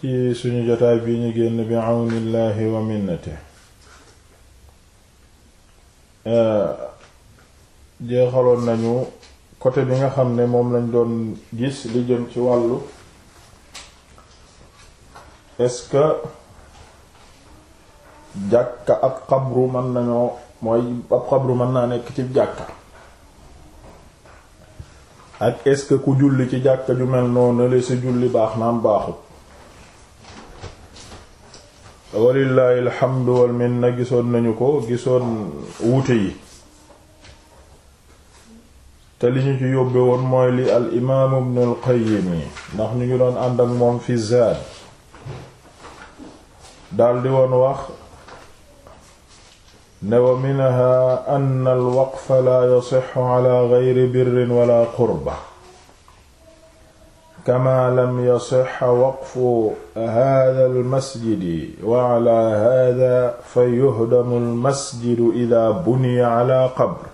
ci suñu jotaay bii ñu génn bi àwnillaahi wa minnate euh, jeexaloon nañu côté bi nga xam ne moom lañ doon gis li jëm ci wàllu est-ce que jàkka ab xabru mën nañoo mooy ab xabru mën naa nekk ci jàkka ak est-ce que ku julli ci jàkka ju mel noonu la sa julli baax naam baaxut walillahi alhamdu wal minna gisoon nañu ko gisoon wuute yi te li ñu ci yóbbe woon mooy li al imaam ibn al qayyim yi ndax ñu ngi doon ànd ak moom fi zaad daldi woon wax ne wa minha an al waqfa la yasixu ala gayri birrin wala qurba kama lam yasix waqfu hada almasjidi wala hada fa yuhdamu almasjidu ida buniya ala qabr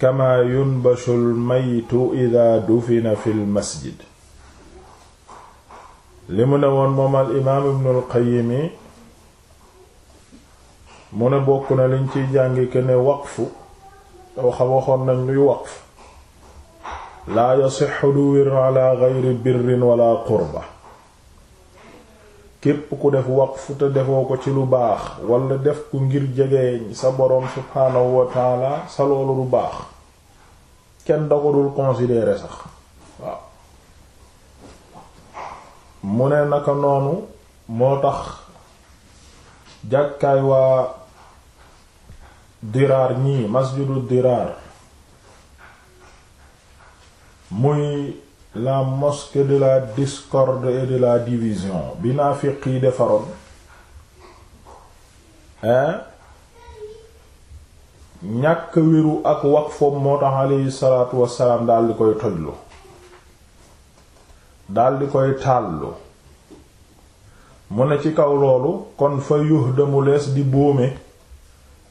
kama yunbashu almaytu ida dufina fi lmasjid li mu ne woon moom alimaam ibnu alqayimi mu ne bokk na liñ ciy jàngi ke ne waqfu waxam waxoon nañ luy waqf laa yasixu du wér ala geyri birrin wala qurba képp ku def waqfu te defoo ko ci lu baax wala def ku ngir jegeeñ sa boroom subhaanahu wa taala sa loolu lu baax kenn da ko dul sax mu ne naka noonu moo tax jàkkaay waa diraar ñi masjidu diraar muy la mosquée de la discorde de la division bi naafiq yi defaroon hein ñàkk wéru ak waqfom moo tax aleyhi wassalaam dal di koy tojlu dal di koy tàllu mu ne ci kaw loolu kon fa yuhdamu lees di bóome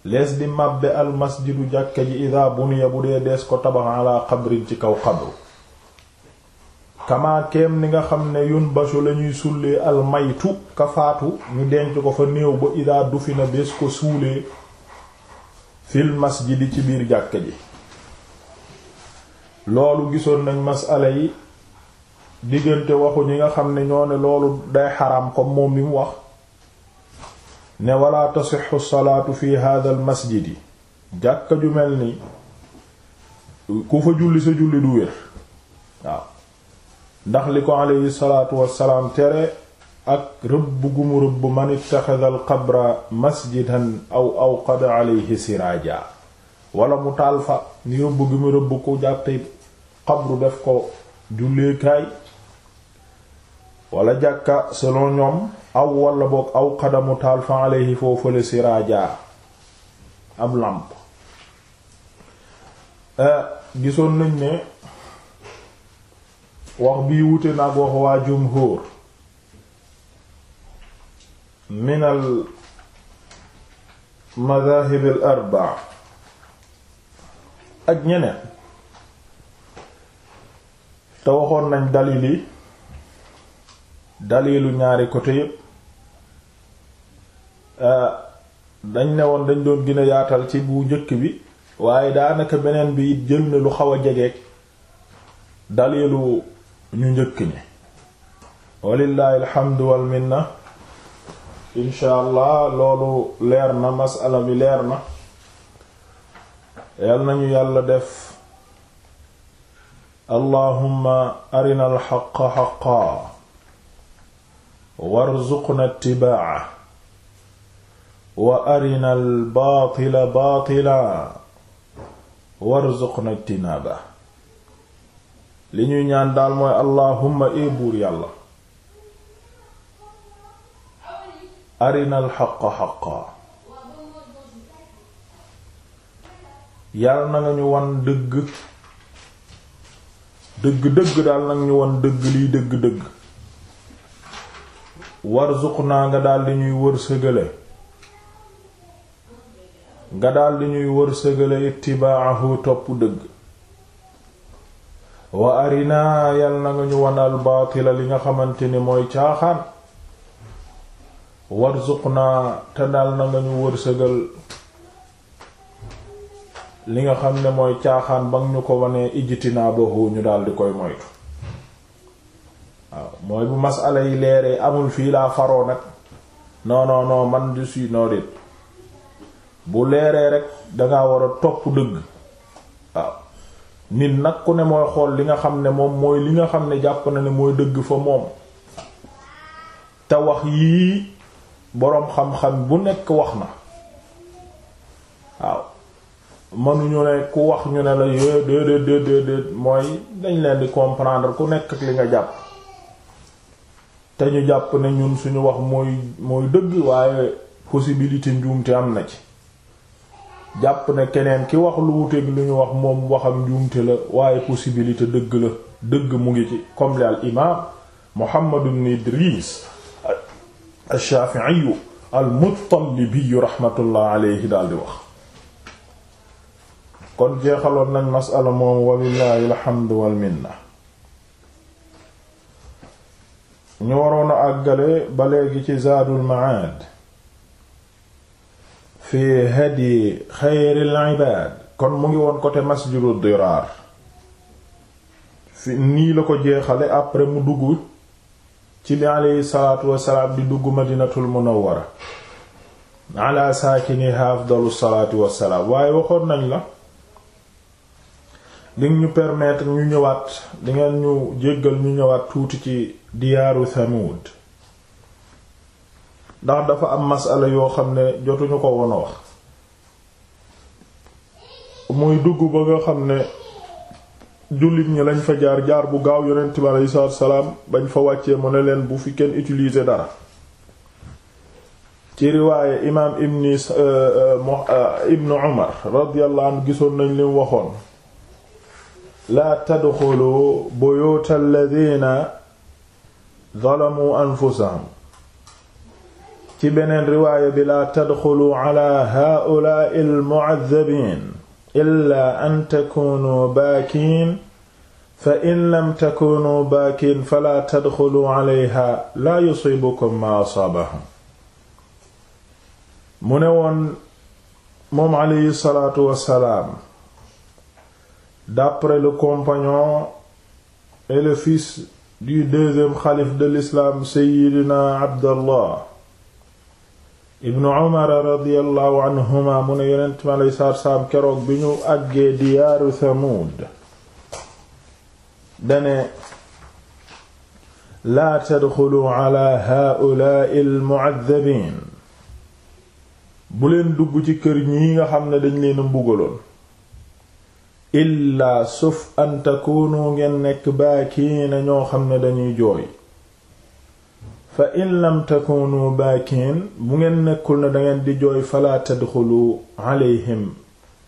lees di màbbe almasjidu jàkka ji ida buniya bu dee dees ko tabax ala xabrin ci kaw xabru kamaakeem ni nga xam ne yun basu lañuy ñuy sullee almaytu ka faatu ñu denc ko fa néew ba ida dufina bés ko suulee fil masjidi ci biir jàkka ji loolu gisoon nañ masala yi diggante waxu ñi nga xam ne ñoo ne loolu day xaraam comme moom li mu wax ne wala tasixu salaatu fi hadha al masjid yi jàkka ju mel ni ku fa julli sa julli du wér waaw ndax li ko aleyhi salaatu wassalaam tere ak rëbb gu mu rëbb man ittaxada al qabra masjidan aw awqada aleyhi siraaja wala mu taal fa ni rëbb gu mu rëbb ku jàppe xabru def ko julleekaay wala jàkka selon ñoom aw wala boog aw xadamu taal fa aleyhi foofale siraaja ab làmp eh, gisoon nañ ne wax bii wute na wax waa jumhur min al madahib ak ñeneen te waxoon nañ dalil yi dalilu ñaari côté yépp euh, dañ ne woon dañ doon gën yaatal ci bu njëkk bi waaye daanaka beneen bi it jël na lu xaw a jegeeg dalilu ñu njëkk ñi walillahi alhamdu wal minna allah loolu leer na masala bi leer na yal nañu yàlla def allahumma arina alxaqa xaqa warzuqna ittibaa'a wa arina albaatila warzuqna ijtinaaba li ñuy ñaan daal mooy allahumma ee buur yàlla arinal xaqa xaqa yàlla na nga ñu wan dëgg dëgg dëgg daal nag ñu wan dëgg liy dëgg dëgg warzuq naa nga daal di ñuy wër sëgale nga daal ñuy wër sëgale ittibaahu topp dëgg wa arina yal na nga ñu wanal baatila li nga xamante ni mooy caaxaan warzuqna te daal na nga ñu wërsëgal li nga xam ne mooy caaxaan ba ñu ko wanee ijtinaabahu ñu daal di koy moytu waaw mooy bu masala yi leeree amul fii laa faroo nag non man de suis noo bu leeree rek danga war a topp dëgg waaw nit nag ku ne mooy xool li nga xam ne moom mooy li nga xam ne jàpp na ne mooy dëgg fa moom te wax yii boroom xam-xam bu nekk wax na waaw mënuñu ne ku wax ñu ne la yé déedéet mooy dañ leen di comprendre ku nekk ak li nga jàpp te ñu jàpp ne ñun suñu wax mooy mooy dëgg waaye possibilité ti am na ci jàpp ne keneen ki wax lu wuteeg lu wax moom waxam njuumte la waaye possibilité dëgg la dëgg mu ngi ci comme li al imaam Muhammad ibn Idris ash-Shafi'i al-Muttalibi rahmatullah alayhi daal wax kon jeexaloon nañ masala moom walillahi alhamdu wal minna ñu waroon a àggale ba léegi ci Zaadul Ma'aad fi hadi xayril ibaad kon mu ngi woon côté masjidu diraar fi nii la ko jeexale après mu dugg ci li aleyhi salaatu wasalaam di dugg madinatul munawwara ala saakiniha afdalu salaatu wasalaam waaye waxoon nañ la di ñu permettre ñu ñëwaat dangeen ñu jéggal ñu ñëwaat tuuti ci diyaaru Thamud ndax dafa am masala yoo xam ne jotuñu ko woon wax muy dugg ba nga xam ne jullit ñi lañ fa jaar jaar bu gaaw yonent bi aleyhi salaatu salaam bañ fa wàccee mu ne leen bu fi kenn utiliser dara ci riwaaye imaam ibni uh, uh, uh, ibnu umar radiyallahu gisoon nañ lim waxoon laa tadxulu buyuta alladina zalamu anfusahum ci beneen riwaaya bi laa tadxulu ala haa'ulaa'i al-mu'azzabiin illaa an takuunuu baakiin fa in lam takuunuu baakiin falaa tadxulu alayhaa laa yusiibukum maa asaabahum mu ne woon moom alayhi salaatu wassalaam d'après le compagnon et le fils du deuxième xalif de l'islam Seyyidina Abdallah ibnu umar radiyallahu anhuma mu ne yonent mi aleyhi salaatu keroog bi ñu àggee diyaaru Samuud dane laa tadxulu ala haa'ulaa'i al-mu'addabiin bu leen dugg ci kër ñi nga xam ne dañ leen mbugaloon illaa suuf an takuunu ngeen nekk baakiina ñoo xam ne dañuy jooy fa in lam takunu baakin bu ngeen nekkul na dangeen di jooy fala tadxulu alayhim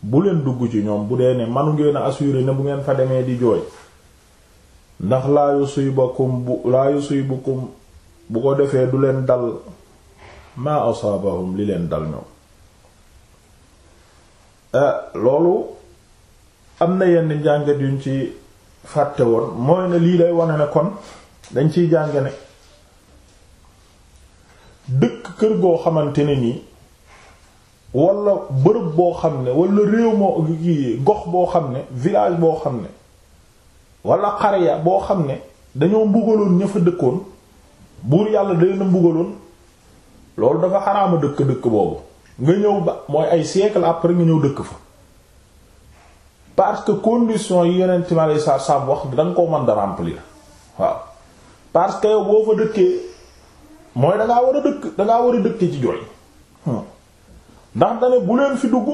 bu leen dugg ci ñoom bu dee ne manu ngeen a ne bu ngeen fa demee di jooy ndax laa yusibakum bu laa bu ko defee du leen dal maa asaabahum li leen dal ñoom eh, loolu am na yenn njàngat yuñ ci fàtte woon mooy ne lii lay wane ne kon dañ ciy jàng ne dëkk kër goo xamante ne nii wala bërëb boo xam ne wala réew moo gox boo xam ne village boo xam ne wala xarya boo xam ne dañoo mbugaloon ña fa dëkkoon buur yàlla da leen mbugaloon loolu dafa ma dëkk dëkk boobu nga ñëw ba mooy ay siècle après nga ñëw dëkk fa parce que condition yi yeneen time alay saab wax danga ko mën da remplir waaw parce que boo fa dëkkee mooy da war a dëkk da war a dëkk ci jooy hmm. ndax dane bu leen fi dugg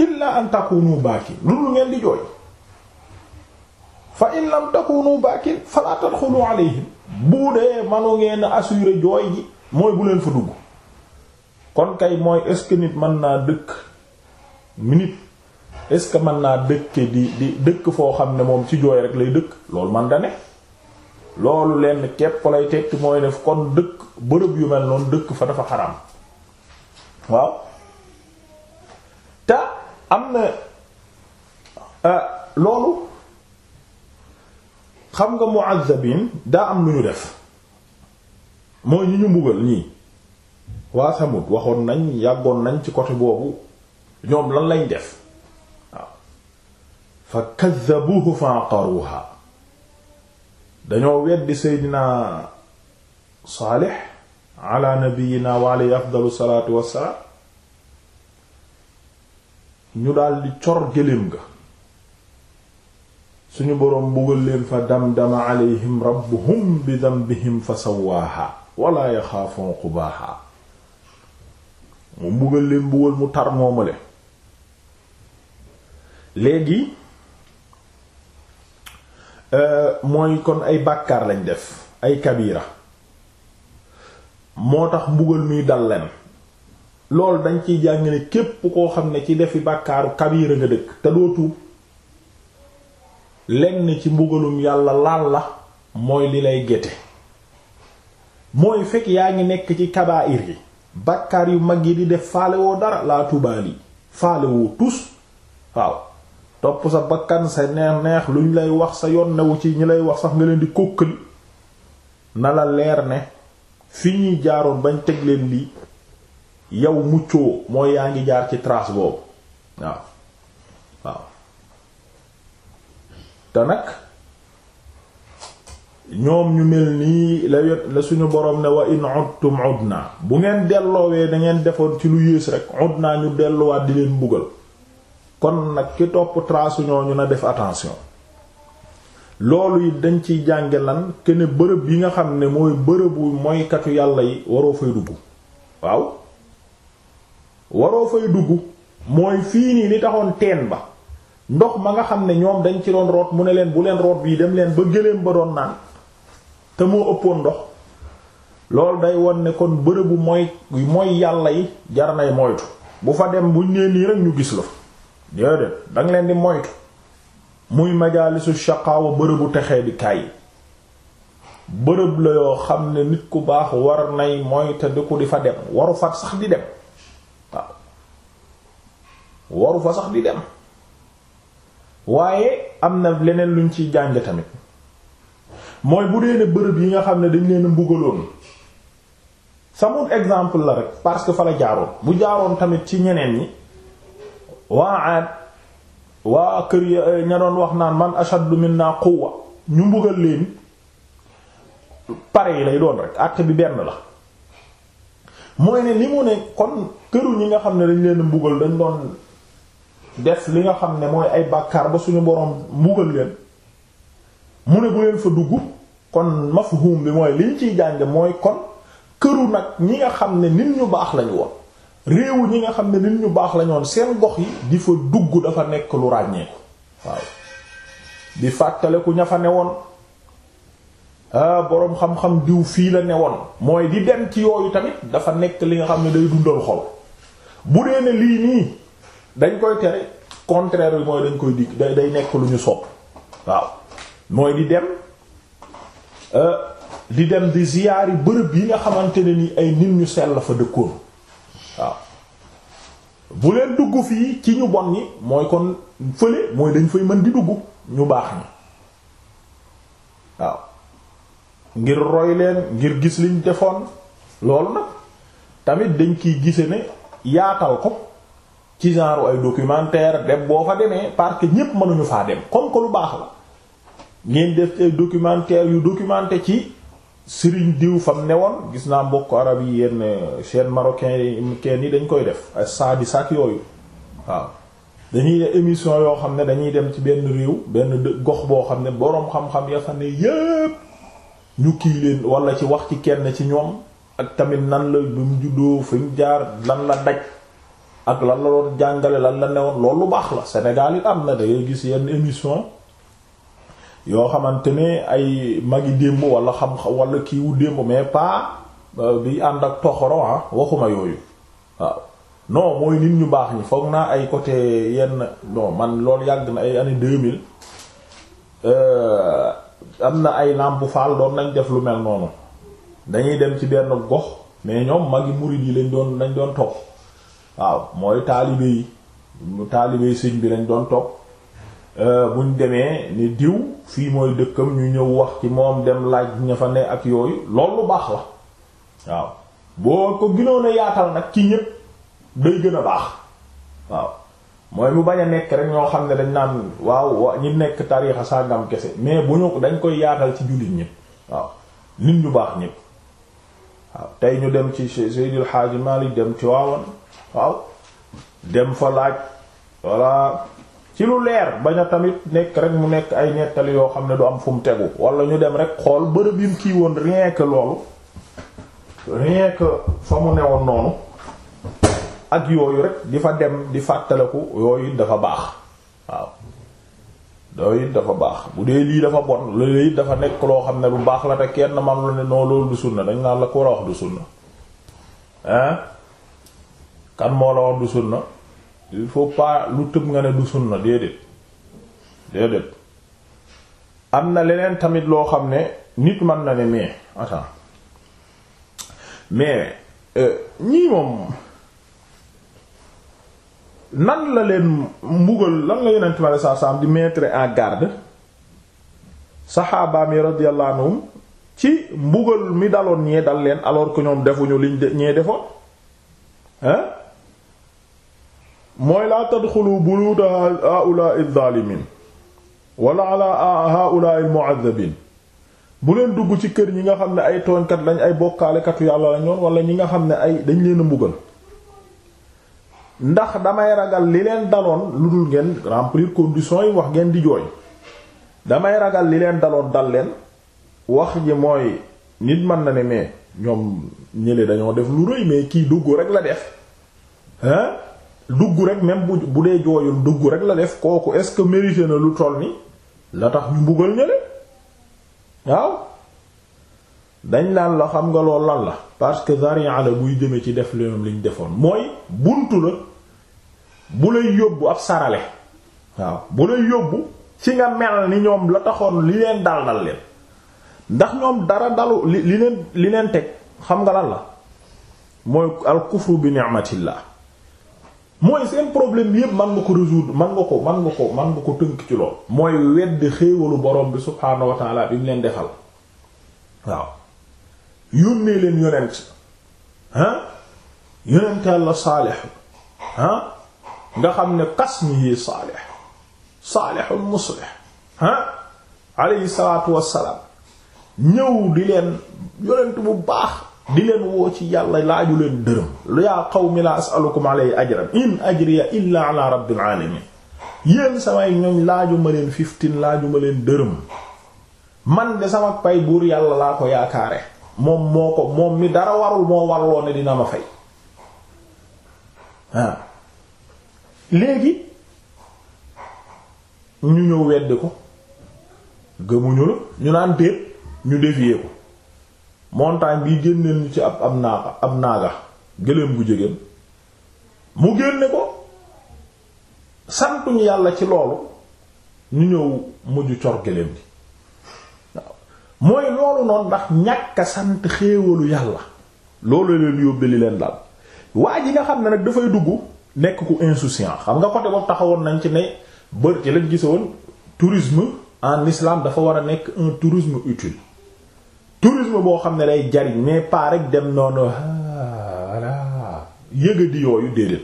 illa an takunu baaki lu dul ngeen di jooy fa in lam takunu baaki fala tadxulu alayhim bu dee manu ngeen assurer jooy mooy bu leen fa dugg kon kay mooy est nit mën naa dëkk minit est-ce que mën naa dëkk di di dëkk foo xam ne moom ci jooy rek lay dëkk loolu man da ne loolu lenn képp lay tekki mooy def kon dëkk bërëb yu mel noonu dëkk fa dafa xaram waaw te am na euh, loolu xam nga mu'azzabin daa am lu ñu def mooy ñi ñu mbugal ñii waa Samud waxoon nañ yàggoon nañ ci côté boobu ñoom lan lañ def waaw fa kazzabuhu fa aqaruha dañoo weddi seydina saalix ala nabiyina wa alayhi afdalu salaatu wassalaam ñu daldi cor gëléem ga suñu boroom buggal leen fa damdama alayhim rabbuhum bi dambihim fa sawaaha wala yaxaafoon xubaaha mu buggal leen buggal mu tar moomale léegi Euh, mooy kon ay bàkkaar lañ def ay kabira moo tax mbugal muy dal leen loolu dañ ciy jàng ne képp koo xam ne ci defi bàkkaaru kabira nga dëkk te doo tuub lenn ci mbugalum yàlla laal la mooy li lay gete mooy fekk yaa ngi nekk ci kabaayir yi bàkkaar yu mag yi di def faale woo dara laa tubaal faale woo tus waaw topp sa bakkan sa neex neex luñ lay wax sa yoon newu ci ñi lay wax sax nga leen di kókkali na la leer ne fi ñuy jaaroon bañ teg leen lii yow muccoo mooy yaa ngi jaar ci trace boobu waaw te nag ñoom ñu mel nii la la suñu boroom ne wa in udtum udna bu ngeen delloowee da ngeen defoon ci lu yées rek udna ñu delluwaat di leen mbugal kon nag ki topp trace ñooñu na def attention loolu it dañ ci jànge lan ke bërëb yi nga xam ne mooy bërëbu moykatu yàlla yi waroo fay dugg waaw waroo fay dugg mooy fii nii li taxoon teen ba ndox ma nga xam ne ñoom dañ ci doon root mu ne leen bu leen root bii dem leen ba gëléem ba doon naan te moo ëppoon ndox loolu day won ne kon bërëbu mooy mooy yàlla yi jar nay moytu bu fa dem buñ nee nii rek ñu gis la déedéet danga leen di moytu muy majaalisu shaqaawa bërëbu texee di kaay bërëb la yoo xam ne nit ku baax war nay moyta di ko di fa dem waru fa sax di dem waaw di dem waaye am na leneen luñ ciy jànge tamit mooy bu dee ne bërëb yi nga xam ne dañ leen mbugaloon samut exemple la rek parce que fa la jaaroon bu jaaroon tamit ci ñeneen yi waa aad waa kër eh, ña doon wax naan man ashaddu minna quwwa ñu mbugal leen pare yi lay doon rek àtte bi benn la mooy ne li mu ne kon këru ñi nga xam ne dañ leen mbugal dañ doon def li nga xam ne mooy ay bàkkaar ba suñu boroom mbugal leen mu ne bu leen fa dugg kon mafhum bi mooy liñ ciy jàng mooy kon këru nag ñi nga xam ne nit ñu baax lañu woon réew ñi nga xam ne nit ñu baax la ñoon seen gox yi di fa dugg dafa nekk lu ràññeeku waaw di fàttaleku ña fa newoon ah boroom xam-xam diw fii la newoon mooy di dem ci yooyu tamit dafa nekk li nga xam ne day dundal xol bu dee ne lii nii dañ koy tere contraire bi mooy dañ koy dig day nekk lu ñu sopp waaw mooy di dem ah, di dem di ziyaari bërëb yi nga xamante ne ni ay nit ñu sell fa dëkkoon. waaw bu leen dugg fii ci ñu bon yi mooy kon fële mooy dañ fay mën di dugg ñu baax ñi waaw ngir roy leen ngir gis liñ defoon loolu nag tamit dañ kiy gise ne yaatal ko ci genre ay documentaire dem boo fa demee parce que ñépp mënuñu faa dem comme que lu baax la ngeen def ay documentaire yu documenté ci sëriñ diw fam ne woon gis naa mbokk arab yi yenn chaîne marocain kenn yi dañ koy def ay saa di yooyu waaw dañuy ne émission yoo xam ne dañuy dem ci benn réew benn gox boo xam ne boroom xam-xam ya fa ne yépp ñu kii leen wala ci wax ci kenn ci ñoom ak tamit nan la bi mu juddoo fi ñu jaar lan la daj ak lan la doon jàngale lan la ne newoon loolu lu baax la Sénégal am na dangay gis yenn émission yoo xamante ne ay mag magi démb wala xam wala kiiwu démb mais pas euh, bi ànd ak toxoro ah waxuma yooyu waaw non mooy nit ñu baax ñi foog naa ay côté yenn non man loolu yàgg na ay année 2000 euh, am na ay làmp faal doon nañ def lu mel noonu dañuy dem ci benn gox mais ñoom magi murid yi lañ doon lañ doon topp waaw mooy taalibe yi ñu taalibe bi lañ doon topp Euh, buñ demee ni diw fii mooy dëkkam ñu ñëw wax ci moom dem laaj ña fa ne ak yooyu loolu lu baax la waaw boo ko gënoon a yaatal nag ci ñépp day gën a baax waaw mooy mu bañ a nekk rek ñoo xam ne dañ naan waaw ñi nekk tariixa sàngam kese mais bu ñu dañ koy yaatal ci jullit ñépp waaw nit ñu baax ñépp waaw tey ñu dem ci Seydil Hadji Malick dem ci waawoon waaw dem fa laaj voilà ci lu leer bañ a tamit nekk rek mu nekk ay nettali yoo xam ne du am fu mu tegu wala ñu dem rek xool bërëb yi mu kii woon rien que loolu rien que fa mu newoon noonu ak yooyu rek di fa dem di fàttaliku yooyu it dafa baax waaw yooyu it dafa baax bu dee lii dafa bon loolu it dafa nekk loo xam ne lu baax la te kenn mam la ne noo loolu du na dañ naan la ko war a wax du sunna ah kan moo la wax du sunna il faut pas lu tëb nga ne du sunna déedéet déedéet am na leneen tamit loo xam ne nit man na ne mais mais euh, ñii moom nan la leen mbugal lan la yonent bi alei satu salaam di mettre en garde saxaaba mi radiyallahu anhum ci mbugal mi daloon ñee dal leen alors que ñoom defuñu liñ ñee defoon hein mooy laa bu buyuuta haulai zalimin wala ala haulai mu'azzabin bu leen dugg ci kër ñi nga xam ne ay tooñkat lañ ay bokkaalekatu yàlla la ñoon wala ñi nga xam ne ay dañ leen a mbugal ndax damay ragal li leen daloon lu dul ngeen remplir conditions yi wax ngeen di jooy damay ragal li leen daloon dal leen wax ji mooy nit mën na ne mais ñoom ñële dañoo def lu rëy mais kii dugg rek la def hein dugg rek même bu bu dee jooyul dugg rek la def kooku est-ce que mérité na lu toll ni la tax ñu mbugal ñële waaw dañ laan la xam nga lool lan la parce que zari'a la buy jëme ci def leen liñ defoon mooy buntu la bu lay yóbbu ab sarale waaw bu lay yóbbu ci nga mel ni ñoom la taxoon li leen dal dal leen ndax ñoom dara dalu li leen li leen teg xam nga lan la mooy al kufru bi ni'matillah mooy seen problème bi yëpp man nga ko résoudre man nga ko man nga ko man nga ko tënk ci lool mooy wedd xéewalu borom bi subhaanahu wa taala bi mu leen defal waaw yónnee leen yonent ah yonent yàlla saalix ah nga xam ne kasmihi saalix saalixul muslix ah alayhi salaatu wassalaam ñëw di leen yonent bu baax di leen woo ci yàlla laaju leen dërëm yaa qawmi la as'alukum alayhi ajran in ajriya illa ala rabbil alamin yéen samay ñoñ laaju ma leen fifteen laaju ma leen dërëm man de sama pay buur yàlla laa ko yaakaare moom moo ko moom mi dara warul moo warloo ne dina ma fay léegi ñu ñëw weddi ko gëmuñu la ñu naan déet ñu dévier ko montagne bi génneel ñu ci ab ab naaga ab naaga gëléem gu jegéen mu génne ko santuñu yàlla ci loolu ñu ñëw mujj cor gëléem gi waaw mooy loolu noonu ndax ñàkk a sant xéewalu yàlla loolu leen yóbbee li leen daal waa ji nga xam ne nag dafay dugg nekk ku insouciant xam nga côté boobu taxawoon nañ ci ne bër ci lañ gisoon tourisme en islam dafa war a nekk un tourisme utile tourisme boo xam ne day jariñ mais pas rek dem noonu ah, voilà di yooyu déedéet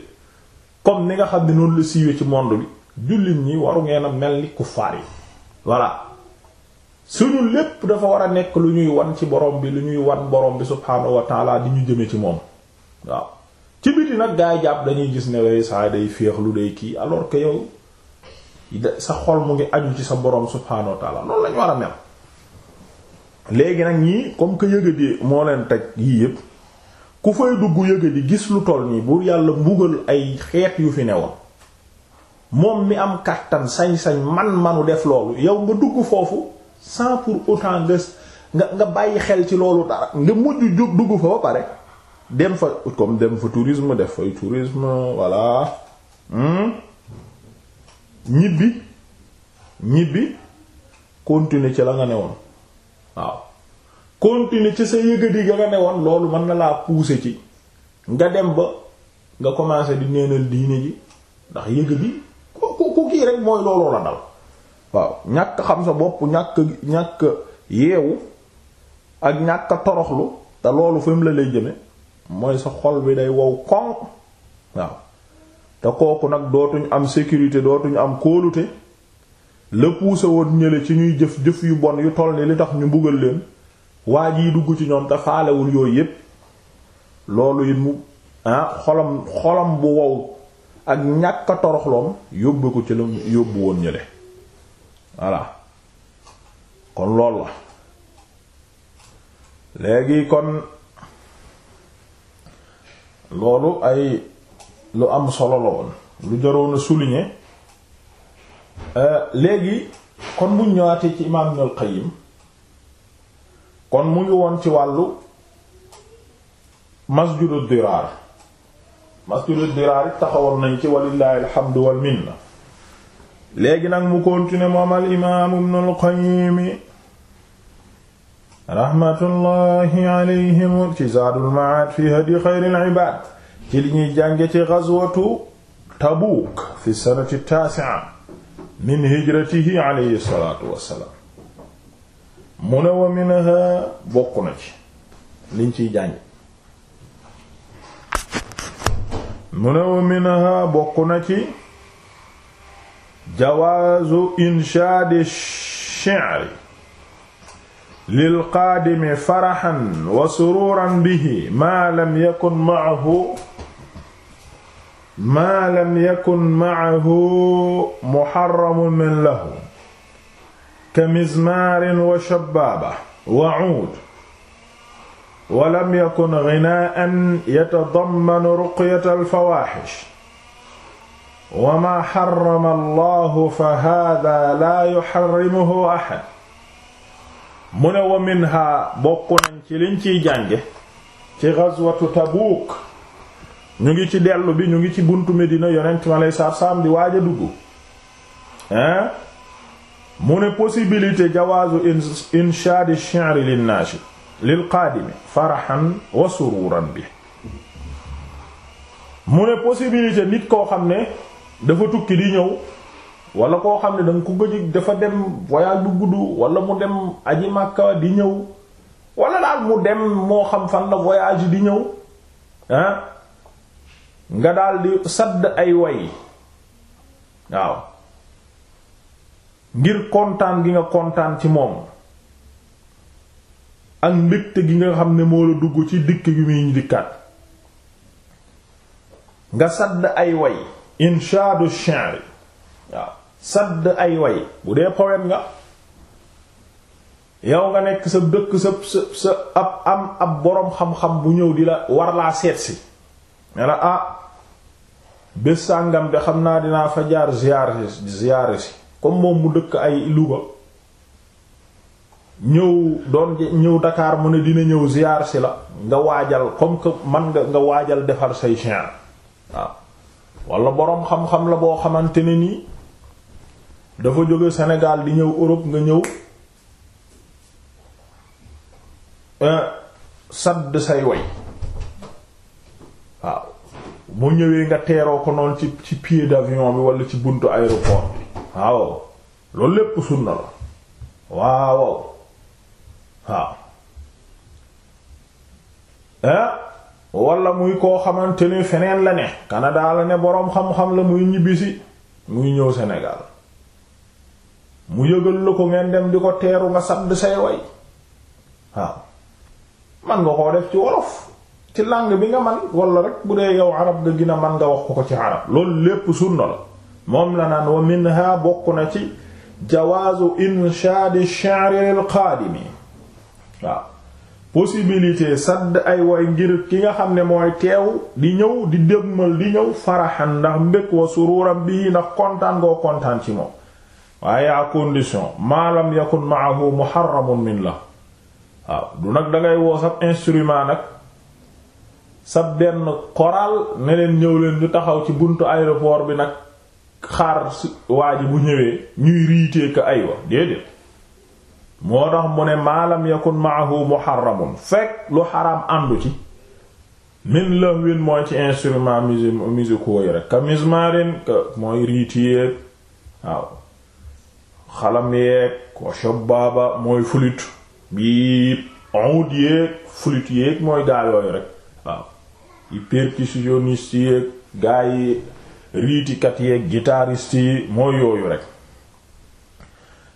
comme ni nga xam ne noonu la siiwee ci monde bi jullit ñi waru ngeen a mel ni kuffaar yi voilà suñu lépp dafa war a nekk lu ñuy wan ci borom bi lu ñuy wan borom bi subhaanahu wa di ñu jëme ci moom waaw ci biti nag gaa jàpp dañuy gis ne way saa day féex lu day kii alors que yow sa xol mu ngi aju ci sa borom subhaanahu wa taala loolu lañ war a mel léegi nag ñii comme yëg yëgadi moo leen teg yii yépp ku fay yëg di gis lu toll nii buur yàlla mbugal ay xeet yu fi newoon moom mi am kàttan sañ-sañ man-manu def loolu yow nga dugg foofu sant pour autant nga nga nga bàyyi xel ci loolu dara nga mujj dugg fa pare dem fa comme dem fa tourisme def fay tourisme voilà hmm? ñibbi ñibbi continuer ci la nga newoon waaw continuer ci sa yëgadi ga nga ne woon loolu mën na laa pousser ci nga dem ba nga commencer di neenal diine ji ndax yëgadi ku ku ku kii rek mooy looloo la dal waaw ñàkk xam sa bopp ñàkk ñàkk yeewu ak ñàkk toroxlu te loolu fi la lay jëme mooy sa xol bi day wow koŋ waaw te kooku nag dootuñu am sécurité dootuñu am kóolute la puusa woon ñële ci ñuy jëf jëf yu bon yu toll ni li tax ñu mbugal leen waa yi dugg ci ñoom te faalewul yooyu yépp loolu it mu ah xolam xolam bu wow ak ñàkk a toroxloom yóbbu ci la yóbbu woon ñële voilà kon lool la léegi kon loolu ay lu am solo la woon lu jaroon a souligner Euh, léegi kon bu ñëwaatee ci imaam Ibnul Qayyim kon mu ngi woon ci wàllu masjidu diraar masjidu diraar it taxawoon nañ ci walillahi alhamdu wal léegi nag mu continuer moom al imaam Ibnul Qayyim raxmatullahi alayhim ci zaadul maad fi hadi xayril ibaad ci li ñuy jànge ci gazwatu Tabuuk fi sanati taasi'a min hijratihi alayhi salaatu wassalaam mu ne wa minha bokk na ci liñ ciy jàng mu ne wa minha bokk na ci jawaazu inshaadi shi'ri lil qaadimi farahan wa sururan bihi maa lam yakun ma'ahu maa lam yakun ma'ahu muharramun min lahu ka mizmaarin wa shabbaaba wa uud wa lam yakun ghinaan yatadammanu ruqyata alfawaahish wa maa harrama allahu fa haadaa laa yuharrimuhu ahad mu ne wa minhaa bokk nañ ci liñ ciy jànge ci gazwatu Tabuuk ñu ngi ci dellu bi ñu ngi ci buntu Medina yonent ma lay saar saam di waaj a dugg mu ne possibilité jawaazu inshaadi shi'ri lin naashid lil qaadimi farahan wa sururan bi mu ne possibilité nit koo xam ne dafa tukki di ñëw walla koo xam ne danga ko gëj dafa dem voyage bu gudd wala mu dem aji Makka di ñëw walla daal mu dem moo xam fan la voyage di ñëw nga daldi sadd ay way waaw ngir kontaan gi nga kontaan ci moom ak mbégte gi nga xam ne moo la dugg ci dikk gi muy dikkaat nga sàdd ay way inshaadu shi'r waaw sadd ay way bu dee poème nga yow nga nekk sa dëkk sa sa ab am ab boroom xam-xam bu ñëw di la war laa seetsi ne la ah bés sàngam de xam naa dinaa fa jaar ziyaar ziyaare si comme moom mu dëkk ay Louga ñëw doon ñëw ndakaar mu ne dina ñëw ziyaar si la nga waajal comme que man nga waajal defar say chien waaw wala boroom xam-xam la boo xamante ne nii dafa jóge Sénégal di ñëw Europe nga ñëw eh, sadd say way mu ñëwee nga teeroo ko noonu ci ci pied d'avion bi walla ci buntu aéroport bi waaw loolu lépp sunna la waaw waaw ah wala muy koo xamante feneen la ne Canada la ne boroom xam-xam la muy ñibbisi muy ñëw Sénégal mu yëgal la ko ngeen dem di ko teeru nga sàdd say way waaw man nga koo def ci wolof ci langue bi nga man wala rek bu dee yow arab nga gën man nga wax ko ci arab loolu lépp sunna la moom la naan wa minha bokk na ci jawaazu inshaadi sha'ri lil qaadimi waaw possibilité sadd ay woy ngir ki nga xam ne mooy teew di ñëw di dégmal di ñëw faraxan ndax mbég wa sururam bii ndax kontaan ngoo kontaan ci moom waaye à condition maalam yakun maahu min la waaw du nag dangay woo sab instrument nag sa benn koral ne leen ñu taxaw ci buntu aéroport bi nag xaar waa ji bu ñëwee ñuy riitee ka aywa déedéet moo tax mu ne maalam yakun maahu muharramun fekk lu xaraam àndu ci min lahwin mooy ci instrument musicaux yi rek ka mizmarin ka mooy riit yeeg waaw xalam yeeg ko shobaba mooy flûte bi oud yeeg flûte yeeg mooy gaayooyu rek waaw yi percussionniste yeeg gaa yi riitikat yeeg guitariste yi mooy yooyu rek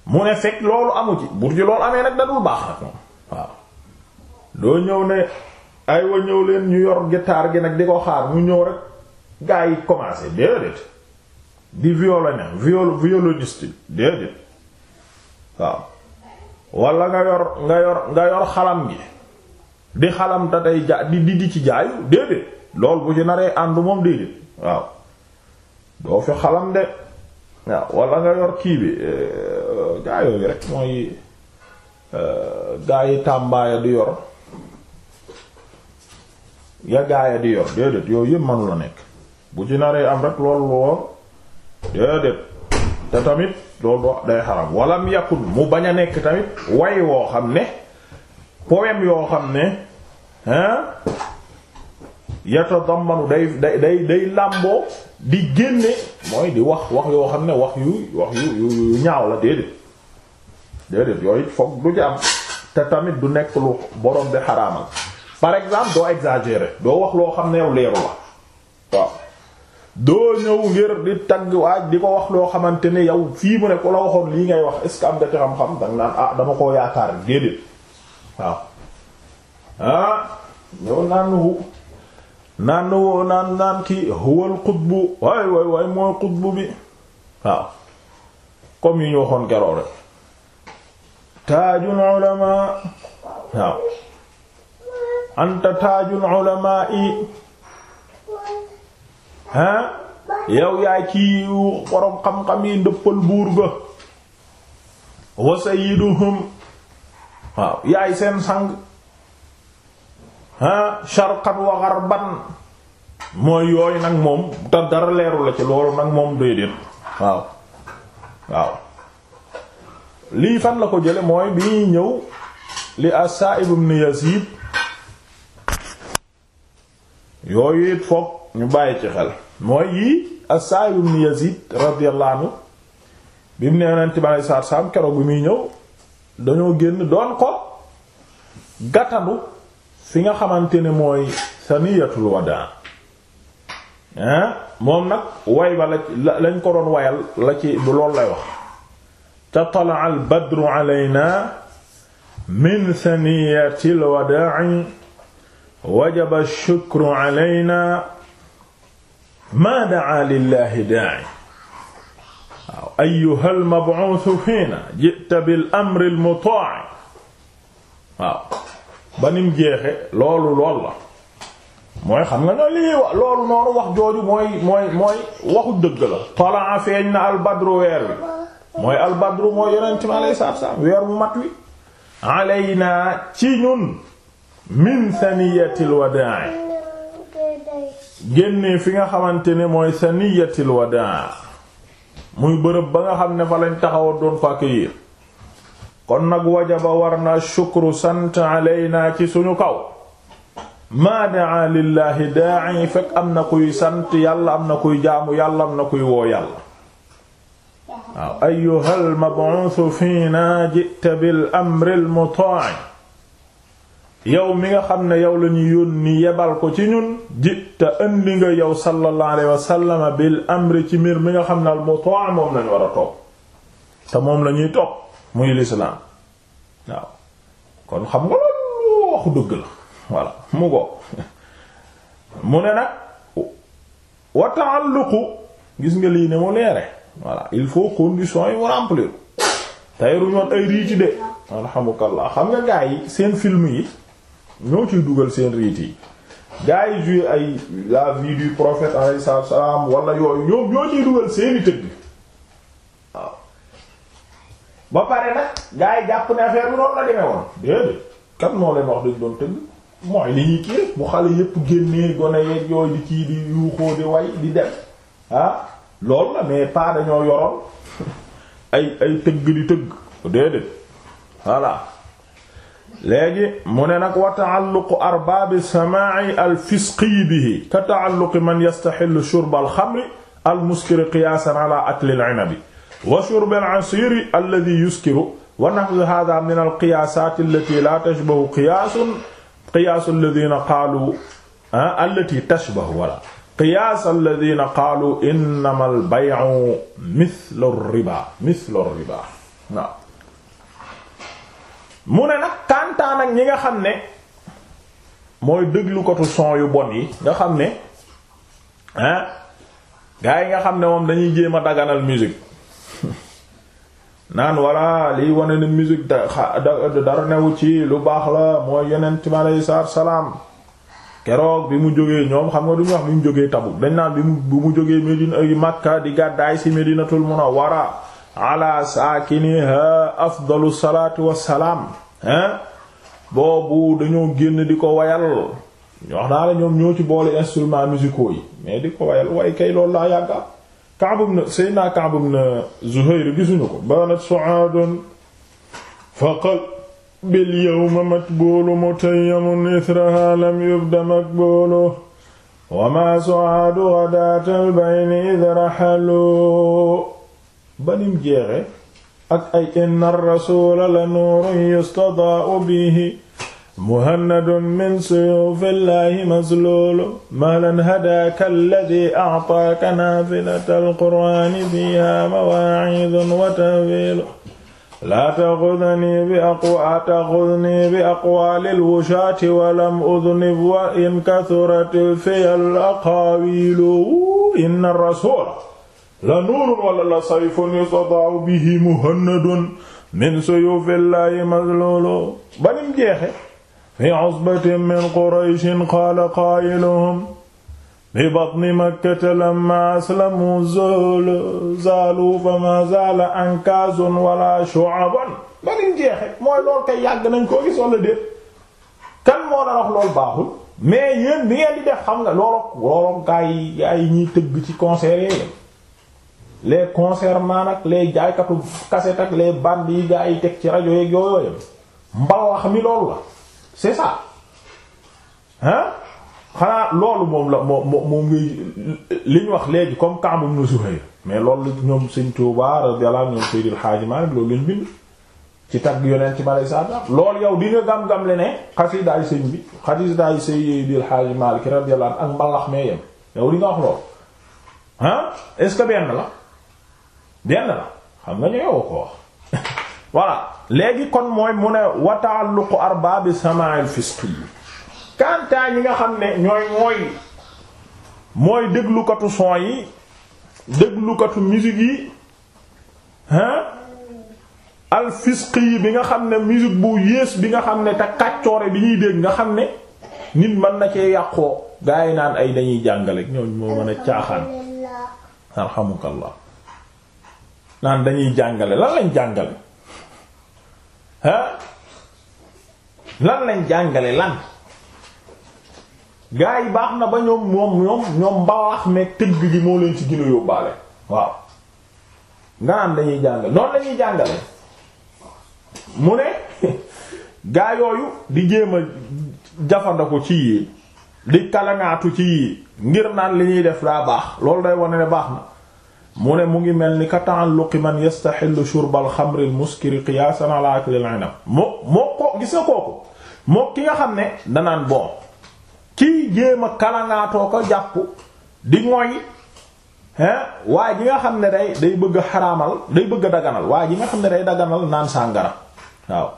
mu ne fekk loolu amu ci bur ji loolu amee nag dadul baax nag moom waaw doo ñëw ne ay wa ñëw leen ñu yor gitaar gi nag di ko xaar mu ñëw rek gaa yi commencé déedéet di violonné viol violoniste waaw wala nga yor nga yor nga yor xalam gi di xalam ta tey ja di di ci jaayu déedéet lool bu ci naree ànd moom déedéet waaw doo fi xalam de waaw wala nga yor kii bi eh, gaa yooyu rek mooy eh, gaa tàmbaaya di yor ya gaaya di yor déedéet yooyu yëpp mënu la nekk bu ci naree am rek loolu lool déedéet te tamit loolu day xaram walam yakun mu bañ a nekk tamit way woo xam ne poème yoo xam ne hein yatadammanu day day day day làmboo di génne mooy di wax wax yoo xam ne wax yu wax yu yu ñaaw la déedéet déedéet yooyu foog du ca am te tamit du nekk lu borom bi xaraamal par exemple doo exagérer doo wax loo xam ne yow leeru la waaw doo ñëw ngir di tagg waaj di ko wax loo xamante ne yow fii mu ne ku la waxoon lii ngay wax est ce que am nga ci xam-xam danga naan ah dama koo yaakaar déedéet waaw ah yow naan hu naan woo naan naan ki huwal qutbu waay waay waay mooy qutbu bi waaw comme yi ñu waxoon taajul ulamaa waaw anta taajul ulamaa i ha ah, yow yaay kii borom xam-xam yi ndëppal buur ga wa sayyiduhum waaw yaay seen sang ah sharqan wa gharban mooy yooyu nag moom te dara leeru la ci loolu nag moom déedéet waaw waaw lii fan la ko jële mooy bi ñuy ñëw li as-Sa'ib ibn Yazid yooyu it foog ñu bàyyi ci xel mooy yii as-Sa'ib ibn Yazid radiyallahu anhu bi mu nee Yonent bi sallallahu alayhi wasallam keroog bi muy ñëw dañoo génn doon ko gàttanu fi nga xamante ne mooy saniyatul wadaa hein moom nag way ba la lañ ko doon wayal la ci du loolu lay wax te talaa al badru alayna min saniyatil wadaa wajaba ash-shukru alayna ma daa lillahi da'i waaw ayyuhal mab'uusu fiina ji'ta bil amril mutaa' waaw ba nim jeexe loolu lool la mooy xam nga ne lii wax loolu noonu wax jooju mooy mooy mooy waxu dëgg la talaa feeñ na albadru weer wi mooy albadru mooy yonent mi weer mu mat wi alaynaa ci ñun min saniyatil wadaa génnee fi nga xamante ne mooy saniyatil wadaa muy bërëb ba nga xam ne fa lañ taxawa doon fa accueillir kon nag wajaba war na shukru sant alayna ci suñu kaw maa daa lillaahi da'i fekk am na kuy sant yàlla am na kuy jaamu yàlla am na kuy woo yàlla waaw ayyuhal mab'uuth fiina ji'ta bil amril mutaa'i yow mi nga xam ne yow lañuy ñu yónni yebal ko ci ñun ji te indi nga yow sallallahu alayhi wa sallam bil amri ci mbir mi nga xam ne al mutaa moom lañ war a topp te moom la ñuy topp muy kon xam nga loolu mu ko mu ne nga lii ne mu leere voilà il faut conditions yi mu remplir tey ruñoon ay riiti de alhamdulillah xam nga gaa yi seen film yi ñoo ciy dugal seen riit yi gars yi joué ay la vie du prophète salaam wala yooyu ñoom ñoo ciy dugal seeni tëgg ba pare nag gars yi jàpp ne affaire bi noonu la demee woon déedéet kat moo leen wax dañ doon tëgg mooy li ñuy kii bu xale yépp génnee gone yooyu di kii di yuuxoo di way di dem ah, loolu la mais pas dañoo yoroon ay ay tëgg di tëgg déedéet voilà léegi mu ne nag wa taalluqu arbaabi samaai alfisqiyi bihi ka taalluqi man yastaxillu shurba alxamri almuskiri qiyaasan ala akli alinabi wa shurbi alasiri alladi yuskiru wa naxwu hada min alqiyaasaati allati laa tashbahu qiyaasun qiyaasu alladina qaalu allati tashbahu wala qiyaasu alladina qaalu innama albay'u mithlu riba mithlu riba waaw mu ne nag kantaan ak ñi nga xam ne mooy déglukatu son yu bon yi nga xam ne hein gaa yi nga xam ne moom dañuy jéem a daganal musique naan walla liy wane ne musique da dara newu ci lu baax la mooy yeneen mi aleyi salaam keroog bi mu jógee ñoom xam nga duñu wax bi mu jógee Tabuk dañ naan bi mu bi mu jógee Medina ay Makka di gàddaay ci Medinatul wara ala saakiniha afdalu salaatu wassalaam hein boobu dañoo génn di ko wayal wax naa la ñoom ñoo ci boole instruments musicaux yi mais di ko wayal waaye kay loolu laa yàgg am kaabum na seydinaa kaabum na Zuhayr gisuñu ko banat su'aadun faqal bil yawma matbuulu mutayyamun ithraha lam yubda makbuulu wa ma su'aadu ghadatal bayni idh rahalu ba nim jeexe ak ay inna rasula la nuurun yustadaa'u bihi muhannadun min suyuufillaahi masluulu malan hadaaka alladii a'taaka naafilatal qur'aani fiihaa mawaa'iidun wa tahwiilu laa ta'xudnii bi aqwaa ta'xudnii bi aqwaalil wushaati wa lam udnib wa in kathurat fiyal aqaawiilu inna rasuula la nuurun wala la sayfun yustada'u bihi muhannadun min suyufillahi maslulu ba nim jeexe fi usbatin min qurayshin qaala qaa'iluhum bi batni makkata lamma aslamu zaalu fama zaala ankaazun wala shu'abun ba nim jeexe mooy lool kay yàgg nañ koo gis wala déet kan moo la wax loolu baaxul mais yéen bi ngeen di def xam nga loolok loolok gaa yi gaa yi ñuy tëgg ci concert yi les concertman ak les jaaykatu cassette ak les bandes yi gaa yi teg ci rajo yeeg yooyooyam mbalax mi loolu la c'est ça hein xanaa loolu moom la moom moom ngay li ñu wax léegi comme Ka'b ibn Zuhayr mais loolu ñoom Sëriñ Tuubaa radiyallahu ñoom Seydil Haaji Maalik loolu lañ bind ci tagg yonent ci alei saatu salam loolu yow di nga gam-gam le ne daal sëñ bi xasiidaay Seydil Haaji Maalik radiyallahu ak mbalax mee yem yow di wax loolu ah est-ce que benn la benn la xam nga ñu yow ko wax voilà léegi kon mooy mu ne wa ta'alluqu arbaabi sama'il fisqi kantaa ñi nga xam ne ñooy mooy mooy déglukatu son yi déglukatu musique yi hein al bi nga xam ne musique bu yées bi nga xam ne te kàccoore bi ñuy dégg nga xam ne nit mën na cee yàqoo gaa naan ay dañuy jàngale ñooñ moo mën a caaxaan alxamukallah naan dañuy jàngale lan lañ jàngale ah lan lañ jàngale lan gaa yi baax na ba ñoom ñoom ñoom ñoom mbawaax tëgg gi moo leen ci gën a yóbbaale waaw nga naan dañuy jàngale noonu lañuy jàngale mu ne gaa yooyu di jéem a jafandaku ci yii di kalanaatu ci yii ngir naan li ñuy def daa baax loolu day wone ne baax na mu ne mu ngi mel ni ka ta'alluqi man yastaxillu shurbal xamril muskiri qiyaasan ala aklil inab moo moo ko gis nga kooku moo ki nga xam ne danaan bon kii jéem a kalangaatoo ko jàpp di waa ji nga xam ne day day bëgg xaramal day bëgg a daganal waa ji nga xam ne day daganal naan sàngara waaw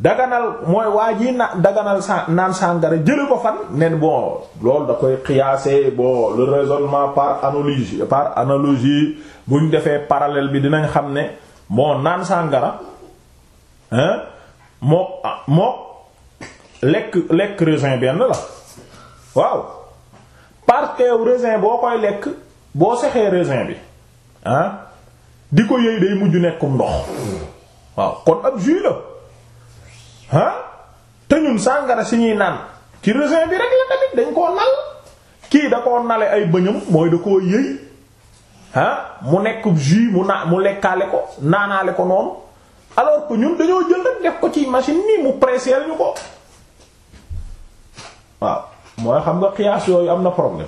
daganal mooy waa ji na daganal sa naan sàngara jële ko fan nen bon loolu da koy xiyaase bon le raisonnement par analogie par analogie buñ defee parallèle bi dinañ xam ne moo naan sàngara hein moo ah, mook lekk lekk raisin benn la waaw parce que boo koy lekk boo sexee raisin bi ah di ko yëy day mujj nekkum ndox waaw kon ab jus la ah te ñun sàngara si ñuy naan ci raisin bi rek la tamit dañ koo nal kii da koo nale ay bëñam mooy da koo yëy ah mu nekk jus mu naa mu lekkaale ko naanaale ko noonu alors que ñun dañoo jël rek def ko ci machine nii mu pressé ñu ko waaw mooy xam nga xiyaas yooyu am na problème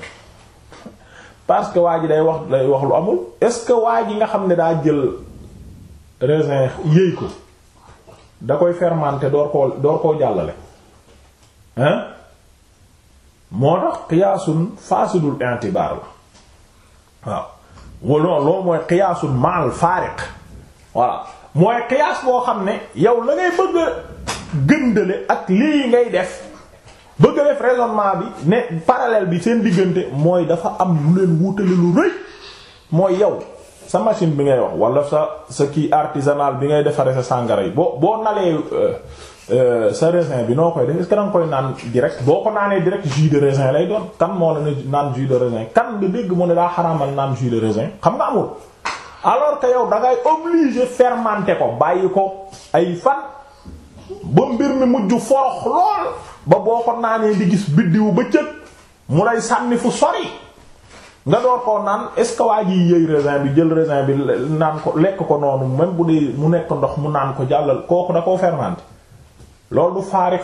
parce que waa ji day wax day wax lu amul est-ce que waa ji nga xam ne daa jël raisin yëy ko. da koy fermenter door koo door koo jàllale hein moo tax qiyaasun faasidul intibaar la waaw wala loolu mooy qiyaasun maal faariq voilà mooy qiyaas boo xam ne yow la ngay bëgg a gëndale ak lii ngay def bëgg a def raisonnement bi ne parallèle bi seen diggante mooy dafa am lu leen wutale lu rëy mooy yow sa machine bi ngay wax wala sa sa kii artisanal bi ngay defaree sa sàngara yi boo boo nalee euh, euh, sa raisin bi noo koy def est-ce que danga koy naan direct boo ko naanee direct jus de raisin lay doon kan moo la naan jus de raisin kan bi dégg mu ne daa xaraamal naan jus de raisin xam nga amul alors que yow da ngay obligé fermenter ko bàyyi ko ay fan ba mbir mi mujj forox lool ba boo ko naanee di gis biddiwu ba cëg mu lay sànni fu sori nga door koo naan est ce que waa bi jël résin bi naan ko lekk ko noonu même bu dee mu nekk ndox mu naan ko jàllal kooku da koo fermenté loolu du faari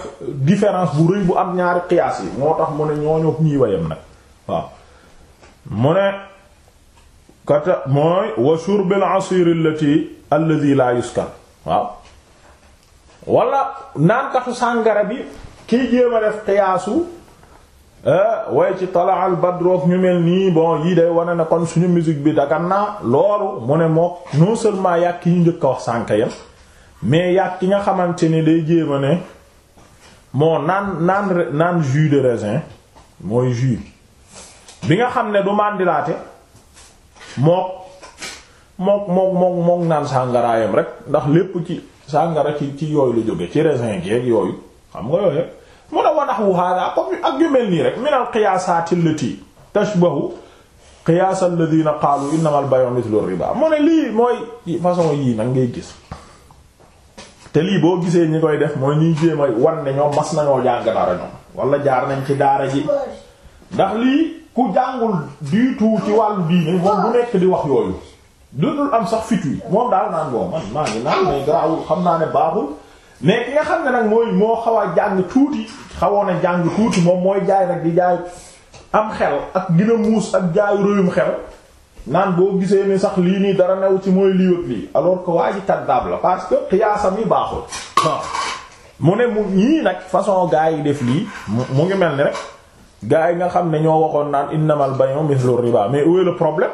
différence bu rëy bu am ñaari xiyaas yi moo tax mu ne ñooñu ñuy wayam nag waaw mu ne kata mooy wa shurbil asir allati alladhi la yuskar waaw wala naan sàngara bi kiy jéem a def xiyaasu Eh, waaye ci talaa al badroog ñu mel nii bon lii day wane na kon suñu musique bi dagan naa loolu mu ne moo non seulement yàq yi ñu njëkk a wax sànk yam mais yàq ki nga xamante ni day jéema ne moo naan naan naan jus de raisin mooy jus bi nga xam ne du màndilaate mook mook mook mook mook naan sàngaraayam rek ndax lépp ci sàngara ci ci yooyu la jóge ci raisin geeg yooyu xam nga yooyu mun a wanax wu hada comme ak yu mel nii rek min al qiyaasaati allati tashbahu qiyaas alladhina qaalu innama al bay'u mithlu riba mu ne lii mooy façon yii nag ngay gis te lii boo gisee ñi koy def mooy ñuy jéem a wan ne ñoom mas nañoo jàng dara ñoom wala jaar nañ ci daara ji ndax lii ku jàngul du ci wàllu diine moom bu nekk di wax yooyu dudul am sax fit yi moom daal naan boo man maa ngi naan mais garaawul xam naa ne baaxul mais ki nga xam ne nag mooy moo xaw a jàng tuuti xawoon a jàng tuuti moom mooy jaay nag di jaay am xel ak gina muus ak jaayu rëyum xel naan boo gisee ni sax lii nii dara new ci mooy lii ak lii alors que waa ji kaddaab la parce que xiyaasam yi baaxul waaw mu ne mu ñii nag façon gaa yi def lii mu ngi mel ni rek gaa yi nga xam ne ñoo waxoon naan innamal bayu mithlu riba mais où problème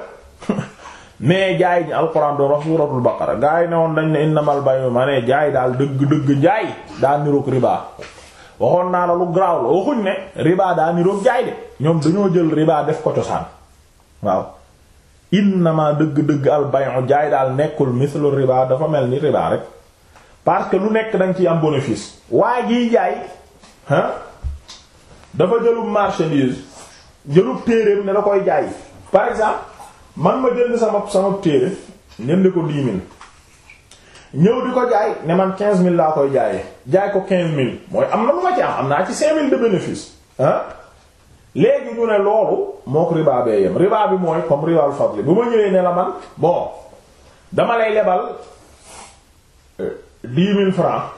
mais jaay ñi alquran doon wax suuratul baqara gaa yi ne woon dañ ne innamal bayu ma ne jaay daal dëgg dëgg njaay daa niroog riba waxoon naa la lu garaaw la waxuñ ne riba daa niroog jaay de ñoom dañoo jël riba def ko cosaan waaw innama dëgg dëgg al bayu jaay daal nekkul mislu riba dafa mel ni riba rek parce que lu nekk dañ ci am bénéfice waa jiy jaay ah dafa jëlub marchandise jëlub téereem ne da koy jaay par man ma dell sama sama téere ñënd ko dix mille ñëw di ko jaay ne man quinze mille laa koy jaaye jaay ko quinze mille mooy am na lu ma ci am am naa ci cinq mille de bénéfice ah léegi ñu ne loolu moo ko riba bee yem riba bi mooy comme ribaal fadli bu ma ñëwee ne la man bon dama lay lebal euh, dix mille francs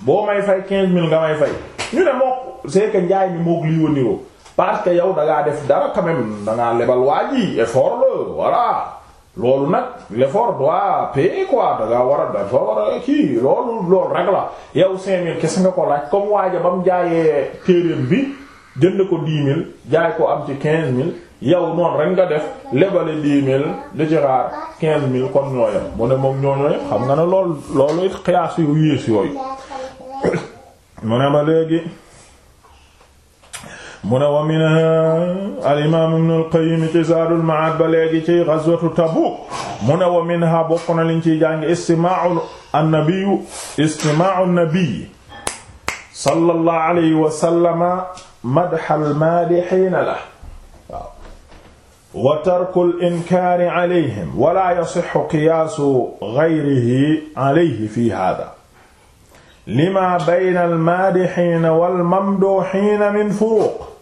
boo may fay quinze mille nga may fay ñu ne mook c'est njaay mi mook lii wa parce que yow da ngaa def dara quand même da ngaa lebal waa ji effort la voilà loolu nag l'effort doit payer quoi da ngaa war a dafa war a kii loolu loolu rek la yow 5000 kese nga ko laaj comme waaja ba mu jaayee téereem bi jënd ko mil jaay ko am ci 15000 yow noonu rek nga def lebale 10000 li ci xaar kon ñooyam xam nga ne loolu loolu it xiyaas yu yées yooyu mu ne ma léegi. mu ne wa minha al imaam ibn al qayyim ci zaadul ma'aad ba léegi ci ghazwatu Tabuuk mu ne wa minha bokk na liñ ciy jàng istimaa'u an-nabiy istimaa'u an-nabiy sallallahu alayhi wa sallama madhal maadihiina lahu wa tarkul inkaari alayhim wala yasixu qiyaasu gayrihi alayhi fi hada lima bayna almaadixiina walmamduuxiina min furuq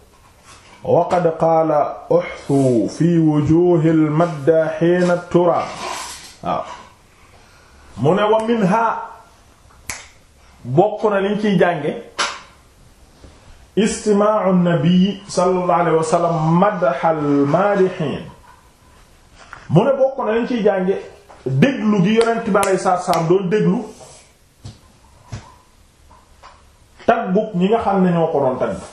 waqad qaala uxsu fi wujuhi lmaddaxiina tura mu ne wa minha bokk na liñ ciy jànge istimaau nabii sallallahu alayhi wa sallam madaxal mu ne bokk na liñ ciy jànge déglu gi yonent bi aleyhi salaatu salaam doon déglu taggug ñi nga xam ne ñoo ko doon tagg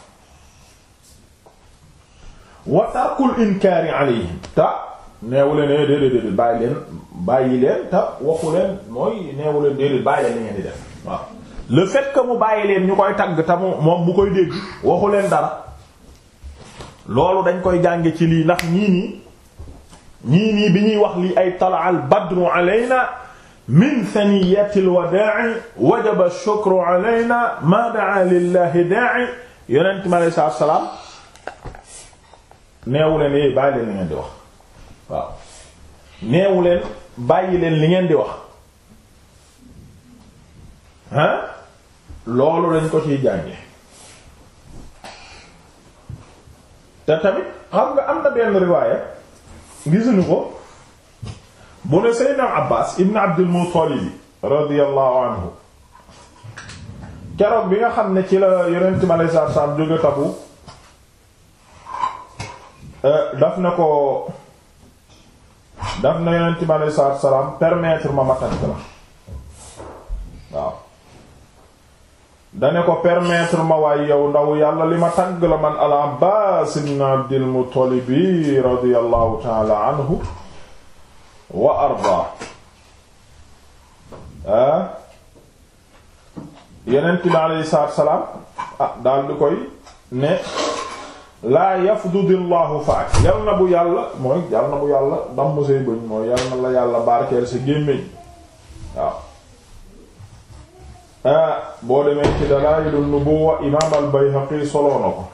wa tarkul inkaari alayhim ta neewu leen ne eh, déedéet déedéet bàyyi leen bàyyi leen ta waxu leen mooy neewu leen déedéet bàyyi leen li ngeen di def waaw le fait que mu bàyyi leen ñu koy tagg ta moom bu koy dégg waxu leen dara loolu dañ koy jànge ci lii ndax ñii nii ñii nii bi ñuy wax lii ay tala al badru alayna min saniyati lwadai wajaba shukru alayna ma daa lillahi daai yonent mi aleyhi salaatu wa salaam neewu leen yéen eh, bàyyi leen li ngeen di wax waaw neewu leen bàyyi leen li ngeen di wax ah loolu lañ ko ciy jànge te tamit xam nga am na benn riwaaya gisuñu ko bu ne Seydina Abbas ibn Abdul Muttalib radiyallahu anhu keroog bi nga xam ne ci la yonent mi alayhi salaatu wa salaam jóge Tabuuk Euh, daf na ko daf na yonent bi aleyhi salaatu wa salaam permettre ma ma takk la waaw dane ko permettre ma waay yow ndaw yàlla li ma tagg la man al abbaas ibn abdil muttalibi radiallahu taala anhu wa ardaa ah yonent bi aleyhi salaatu wa salaam ah daal di koy ne laa yafdudi llahu faak yal na bu yàlla mooy yal na bu yàlla damm say bëñ mooy yal na la yàlla barkeel sa gémmiñ waaw ah boo demee ci dalailun nubuwa imaam al-Bayhaqi soloo na ko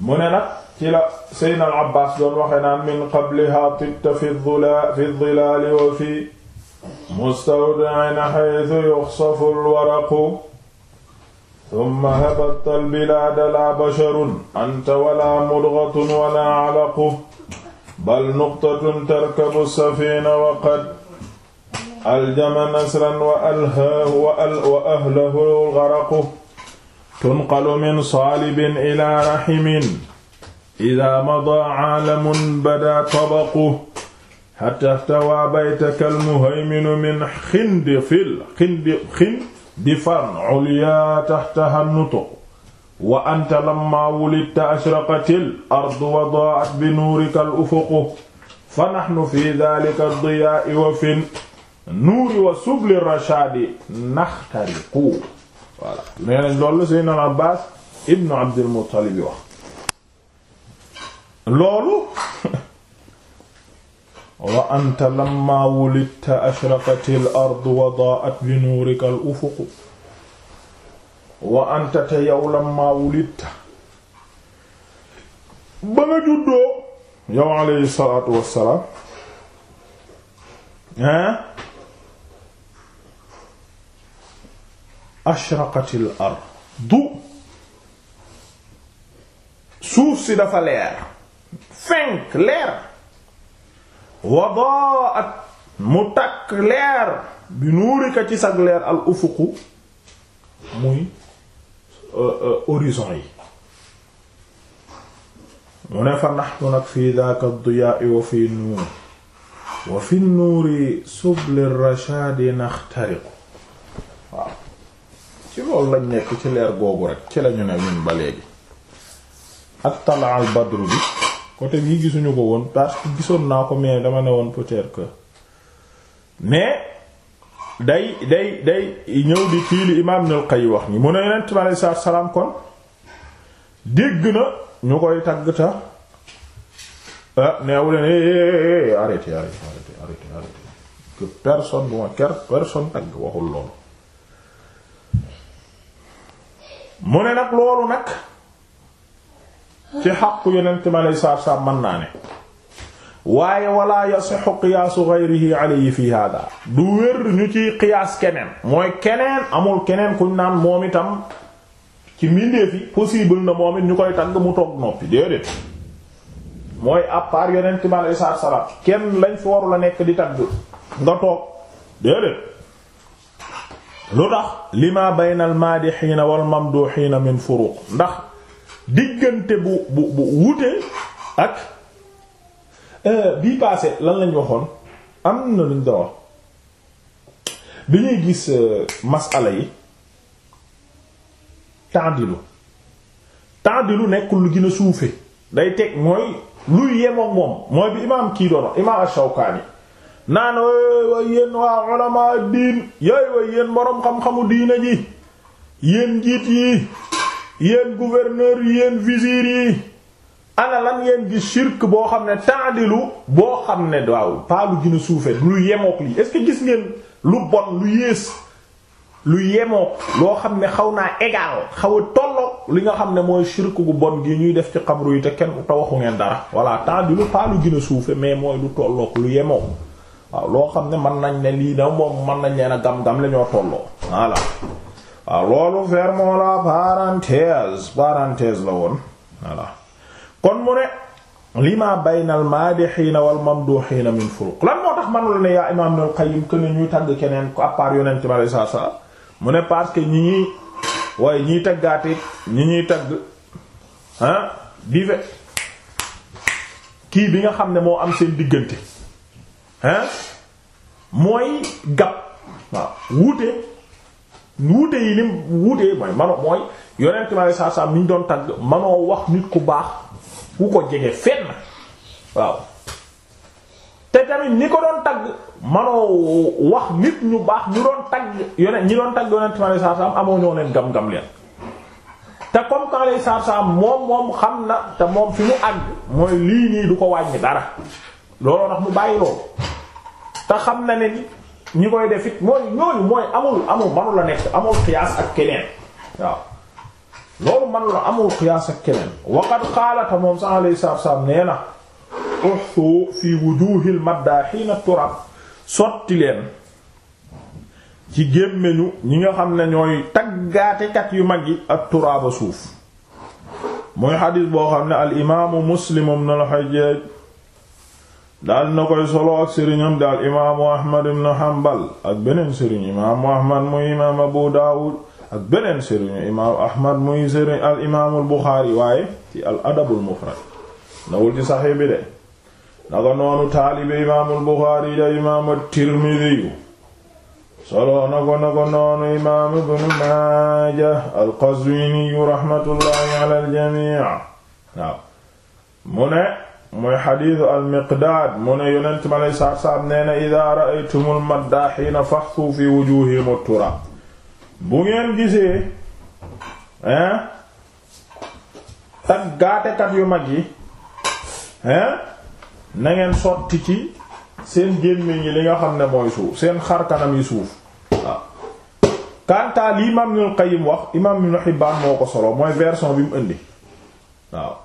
mu ne nag ci la seydna al abbas doon waxe naan min qabliha tibta fi dhilaali wa fi mustawda'in haythu yukhsafu al waraqu tumma habatta albilaada laa basharun anta wala mudghatun wala alaqu bal nuqtatun tarkabu safiina wa qad aljama nasran wa alhaahu wa ahlahu lgaraqu tunqalu min saalibin ila rahimin ida mada caalamun bada tabaqu xata ftawaa baytaka almuhayminu min xindifil xindi xin difan ulya tahtaha nutuq wa anta lamma wulidta ashraqatil ardu wa da'at bi nuurika al ufuqu fa nahnu fi dhalika ad-diya'i wa fi nuuri wa subli rashadi naxtariqu voilà nee nañ loolu Seydina al Abbaas ibnu Abdul Muttalib wax loolu wa anta lamma wulidta ashraqatil ardu wa da'at bi nuurikal ufuqu wa anta te yow lamma wulidta ba nga juddoo yow alayhi salaatu wassalaam hein ashraqatil ardu suuf si dafa leer fenk leer wadaat mu takk leer bi nuurika ci sag leer al ufuqu muy euh, euh, horizon yi mu ne fa nahnu nag fii daaka ad-diyaa wa fi nuur wa fi nuuri subli rashaadi naxtariqu waaw ci loolu lañ nekk ci leer googu rek ci lañu ne ñun ba léegi ak talaa al badru bi côté bii gisuñu ko woon parce que gisoon naa ko mais dama ne woon peut que mais day day day ñëw di kii li imaam Ibnul wax ni mu ne yonent bi salaam kon dégg na ñu koy tagg ta ah, neewu leen mu ne nag loolu nag ci xaqu yonent mi alayhi salaatu salaam naa ne waaye wala yasixu qiyaasu ñu ci qiyaas keneen mooy keneen amul keneen kuñ naan moom itam ci mbindeef yi possible na moom it ñu koy tagg mu toog noppi déedéet mooy à part yonent mi alayhi salaatu kenn lañ fi waru nekk di tagg nga toog déedéet lu tax lima bayna al maadihiina wal mamduhiina min furuq ndax diggante bu bu bu wute ak euh, bii passé lan lañ waxoon am na luñ da bi ñuy gis euh, masala yi ta'dilu ta'dilu nekkul lu gën a suufe day teg mooy luy yemook moom mooy bi imaam kii doon imaam Ash-Shawkani naan way yéen waa ulama diin yooyu way boroom xam-xamu diina ji yéen njiit yi yéen gouverneur yéen visir yi ana lan ngeen gis shirk boo xam ne taadilu boo xam ne waaw pas lu gën a suufe lu yemook lii est gis ngeen lu bon lu yées lu yemook loo xam ne xaw naa égal xaw a tolloog li nga xam ne mooy shirk gu bon ñuy def ci xabru te kenn te waxu ngeen dara voilà taadilu pas lu gën a suufe mais mooy lu tolloog lu yemook waaw loo xam ne mën nañ ne lii da moom mën nañ leen a gam-gam la ñoo tolloo voilà waaw ah, loolu fermons la parenthèse parenthèse la woon voilà kon mu ne lima baynal maadihiina wal mamduhiina min furuq lan moo tax manula ne yaa imaam Ibnul Qayyim que ne ñuy tagg keneen ko à part yonent bi alayhi salaatu mu ne parce que ñi ñuy waaye ñiy taggaati ñi ñuy tagg ah di fe kii bi nga xam ne moo am seen diggante ah mooy gap waaw wuute wuute yi lim wuute mooy mano mooy yonent ma saa saa ñu doon tagg manoo wax nit ku baax ku ko jege fenn waaw te tamit ñi ko doon tagg manoo wax nit ñu baax ñu doon tagg yonent ñi doon tagg yonent ma te comme que lay moom moom xam na te moom fi mu àgg mooy lii nii du ko wàññi dara looloo tax mu bàyyi loolu te xam na ne ni ñi koy def mooy ñooñu mooy amul amul manula nekk amul xiyaas ak keneen waaw loolu manu la amul xiyaas ak keneen waqad xaalata moom sax alayhi salaatu wassalaam nee na uhsu fi wujuhil maddahiina sotti leen ci gémmiñu ñi nga xam ne ñooy taggaatekat yu mag yi ak turaaba suuf muy xadiis boo xam ne al imaamu muslim ibn al daal na koy solo ak sëriñam daal imaamu ahmad ibn hanbal ak beneen sëriñ imaamu ahmad muy imaam abu daawud ak beneen sëriñu imaamu ahmad muy sëriñ al imaamul buxaari waaye ci al adabul mufrad nawul ci saxi bi de naka noonu taalibe imaamul buxaari da imaamu tirmidiyu solo na ko na ko noonu imaamu ibnu maaja al qazwiniyu raxmatullaahi ala al jamii waaw mu ne mooy xadiisu almiqdaad mu ne yonent ma lay saab saab nee na idaa ra'aytumul maddaaxiina faxsu fi wujuuhihimu turaab bu ngeen gisee hein tak gaatekat yu mag yi hein na sotti ci seen gémmiñ yi li nga xam ne mooy suuf seen xar kanam yi suuf waaw kantaa li imaam Ibnul Qayyim wax imaam Ibnu Hibbaan moo ko solo mooy version bi mu indi waaw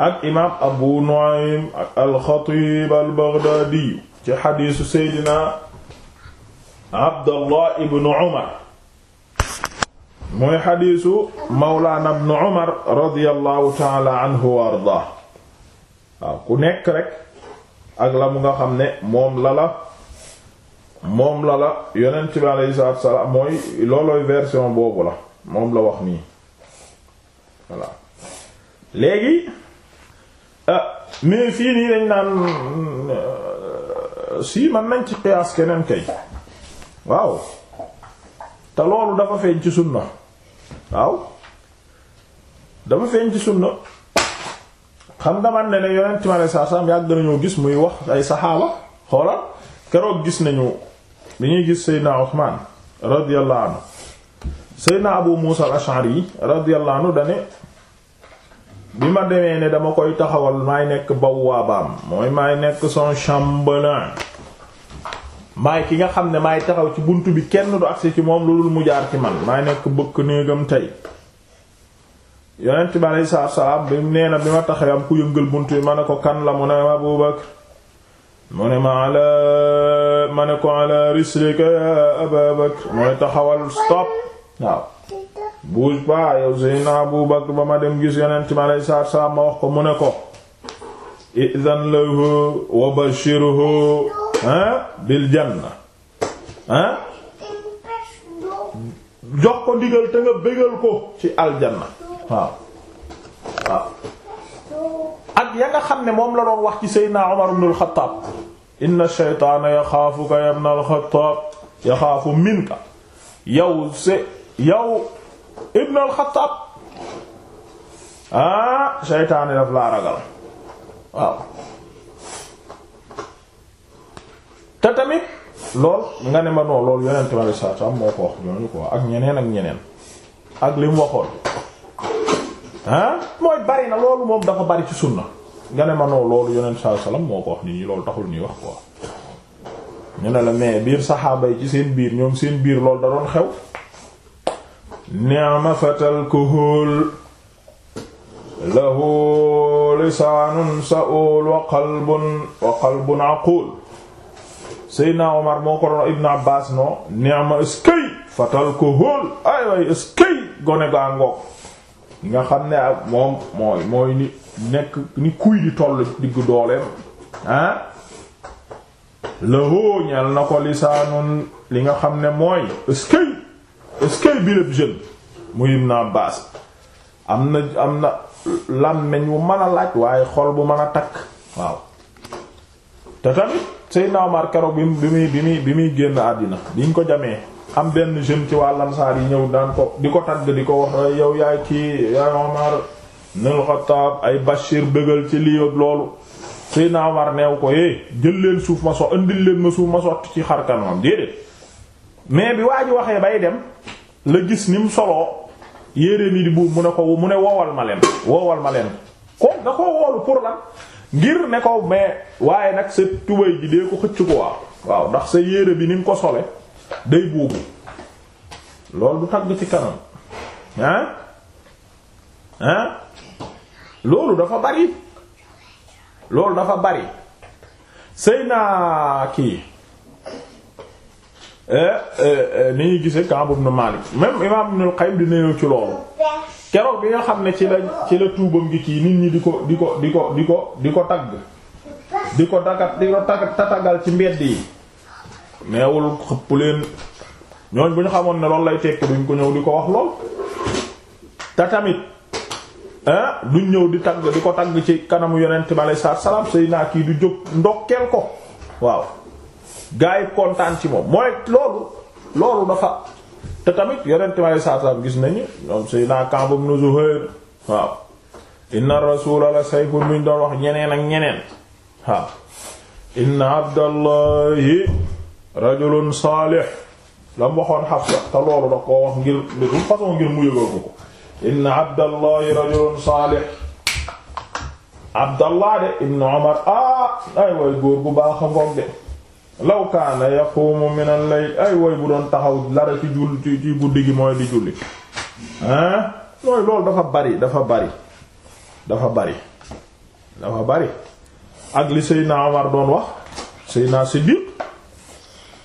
ak imaam abu nu'aym alxatib albaghdadi ci xadiisu seydina abdallah ibnu umar mooy xadiisu mawlaana ibnu umar radiyallahu taala anhu wa ardaa ku nekk rek ak la mu nga xam ne moom lala la moom la la bi alayhi salaam mooy loolooy version boobu la moom la wax nii voilà Ah, mais fii nii dañ naan euh, si man nañ ci qiyaas keneen kay waaw te loolu dafa feeñ ci sunna waaw dafa feeñ ci sunna xam nga man ne ne yonent ma ne saa saam yàgg nañoo gis muy wax ay saxaaba xoolal keroog gis nañu bi ñuy gis Seydina Usmaan radiyallahu anhu naa Abu Muusa al yi radiyallahu anhu dane bi ma demee ne dama koy taxawal maay nekk bawwaabaam mooy maay nekk son chambellan maay ki nga xam ne maay taxaw ci bunt bi kenn du agsi ci moom loolu mu jaar ci man maay nekk bëkk néegam tey yonent ma aleyhi salaatu salaam bi nee na bi ma taxawee am ku yëngal bunt bi ma ne ko kan la mu ne Abu Bakr mu ne ma ala ma ne ko ala rislika ya mooy taxawal stop waaw bouge pas yow Seydina Abu Bakr ba ma dem gis yonent mi aleyhi salaatu salaam ma wax ko mu ne ko izan lahu wa bashirhu bil janna ah jox ko ndigal te nga bégal ko ci aljanna waaw ak ya nga xam ne moom la doon wax ci Seydina Umar ibn al-Khattab inna ash-shaytaana yaxaafuka ya ibn al-Khattab yaxaafu minka yow se yow ibn alxataab ah seytaane daf laa ragal waaw te tamit lool nga ne ma noonu loolu yonent ma risaatu am moo ko wax ñooñu ko ak ñeneen ak ñeneen ak li mu waxoon ah, mooy bari na loolu moom dafa bari ci sunna nga ne ma noonu loolu yonent sallallahu alayhi moo ko wax nit ñi loolu taxul ñuy wax quoi ñu ne la mais biir saxaaba yi ci seen biir ñoom seen biir loolu da doon xew ni'ma fatal kuhul lahu lisaanun sa'ul wa qalbun wa qalbun aqul Seydina Omar moo ko doon Ibn Abbas no ni'ma eskay fatal kuhul ay way eskay gone gaa ngoog nga xam ne ak moom mooy mooy ni nekk ni kuy di toll diggu dooleem ah lahu ñel na ko lisaanun li nga xam ne mooy eskay est-ce que birëb jeune muy Ibn Abbas am na am na làmmeñ wu mën a laaj waaye xol bu mën a takk waaw te tamit Seydina Omar keroog bi mu bi muy bi muy génn àddina diñ ko jamee am benn jeune ci waa Ansaar yi ñëw daan ko di ko tagg di ko wax yow yaay kii yaay ay Bachir bëggal ci lii ak loolu neew ko é eh, jël leen suuf ma so indil leen ma suuf ma sotti ci xarkanam déedéet mais bi waa ji waxee bay dem la gis ni mu soloo yére yi buub mu ne ko mu ne wowal ma leen wowal ma leen ko da ko woolu pour lan ngir ne ko mais waaye nag sa tubay ji dee ko xëcc ko waaw waaw ndax sa yére bi ni ko sole day buubu loolu du tagg ci kanam ah ah loolu dafa bari loolu dafa bari sëy naa kii Eh, eh, eh, ni ñuy gisee Kaab ibn Malik même imaam Ibn al dina di ci loolu keroog bi nga xam ne ci la ci la tuubam gi kii nit ñi di ko di ko di ko di ko di ko tagg di ko dagat di ko ci mbedd yi neewul xëpp leen ñooñ bu ñu xamoon ne loolu lay tekki duñ ko ñëw di ko wax lool te tamit duñ ñëw di tagg di ko tagg ci kanamu yonent bi alayhi salaam sëy naa kii du jóg ndokkeel ko waaw gaa yi kontaan ci moom mooy loolu loolu dafa te tamit yonent mi aleyhi salaatu salaam gis nañu ñoom naa Kaab ibn Zuhayr waaw inna rasula la sayfun muñ doon wax ñeneen ak ñeneen waaw inna abdallahi rajulun saalih la mu waxoon Hafsa te loolu da koo wax ngir de toute ngir mu yëgal ko inna abdallahi rajulun saalih abdallah de ibn Umar ah ay way góor bu baax a ngoog de law kaana yaqumu min al-layl ay woy bu doon taxaw lara ci jul ci ci guddi gi mooy di julli hein mooy loolu dafa bari dafa bari dafa bari dafa bari ak li sëy naa Omar doon wax Seydina Siddiq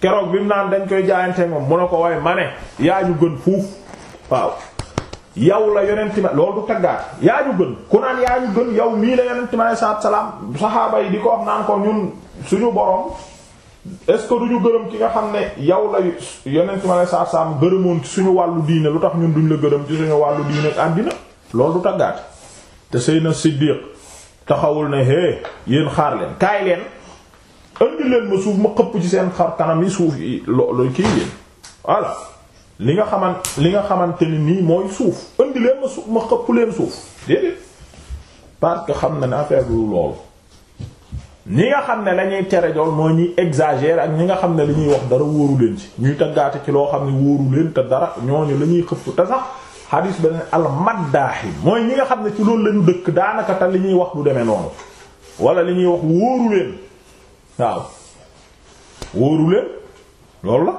keroog bi mu naan dañ koy jaayante moom mu ne ko waaye ma yaa ñu gën fuuf waaw yow la yonent ma loolu du taggaat yaa ñu gën ku naan yaa ñu gën yow mii la yonent ma ne salaam saxaaba yi di ko wax naan ko ñun suñu borom est-ce que du ñu gërëm ki nga xam ne yow la yeneen ci ma ne saa saam gërëmoon ci suñu wàllu diine lu tax ñun duñ la gërëm ci suñu wàllu diine àddina loolu du taggaate te Seydina Siddiq taxawul ne hé yéen xaar leen kaay leen indi leen ma suuf ma xëpp ci seen xar kanam yi suuf yi loolu kii yéen voilà li nga xaman li nga xamante ni nii mooy suuf indi leen ma suuf ma xëpp leen suuf déedéet parce que xam na ne affaire lu loolu ñi nga xam ne lañuy tere jool mooy ñuy exagérer ak ñi nga xam ne li ñuy wax dara wóoru leen ci ñuy taggaate ci loo xam ne wóoru leen te dara ñooñu la ñuy xëpp te sax xadis beneen almaddaaxi mooy ñi nga xam ne ci loolu lañu dëkk daanaka te li ñuy wax du demee noonu wala li ñuy wax wóoru leen waaw wóoru leen loolu la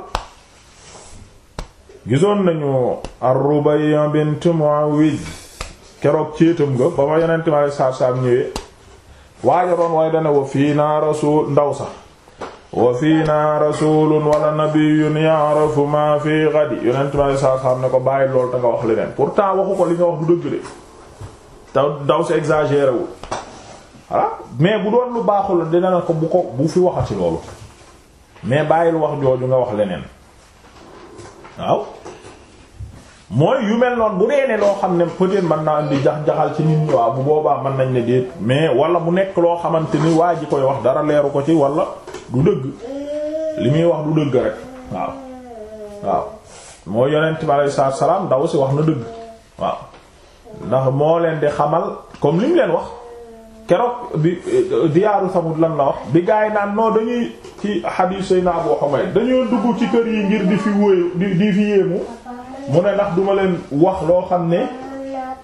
gisoon nañu ar-Rubayya bint Muawwid keroog céetam nga ba ma yonente ma alei satu salaam waaja doon waaye dana wa fii naa rasul ndaw sax wa fii naa rasulun wala nabiyyun ya'rafu ma fii ghadi yonent a alei sat salaam ne ko bàyyi lool te nga wax leneen pourtant waxu ko li nga wax du dëgg de te ndaw sa exagéré wul voilà mais bu doon lu baaxul dina na ko bu ko bu fi waxati loolu mais bàyyil wax jooju nga wax leneen waaw mooy yu mel noonu bu dee loo xam ne peut-être mën naa di jax-jaxal ci nit ñi waaw bu boobaa mën nañ ne déet mais wala mu nekk loo xamante ni waa ji koy wax dara leeru ko ci walla du dëgg li muy wax du dëgg rek waaw waaw mooy yonent bi alei salaam ndaw si wax na dëgg waaw ndax moo leen di xamal comme li mu leen wax keroog bi eh, diyaaru Samud lan la wax bi yi naan noo dañuy ci xadiis Seydina Abu Humayd dañoo dugg ci kër yi ngir di fi wóoyu mu ne ndax duma leen wax loo xam ne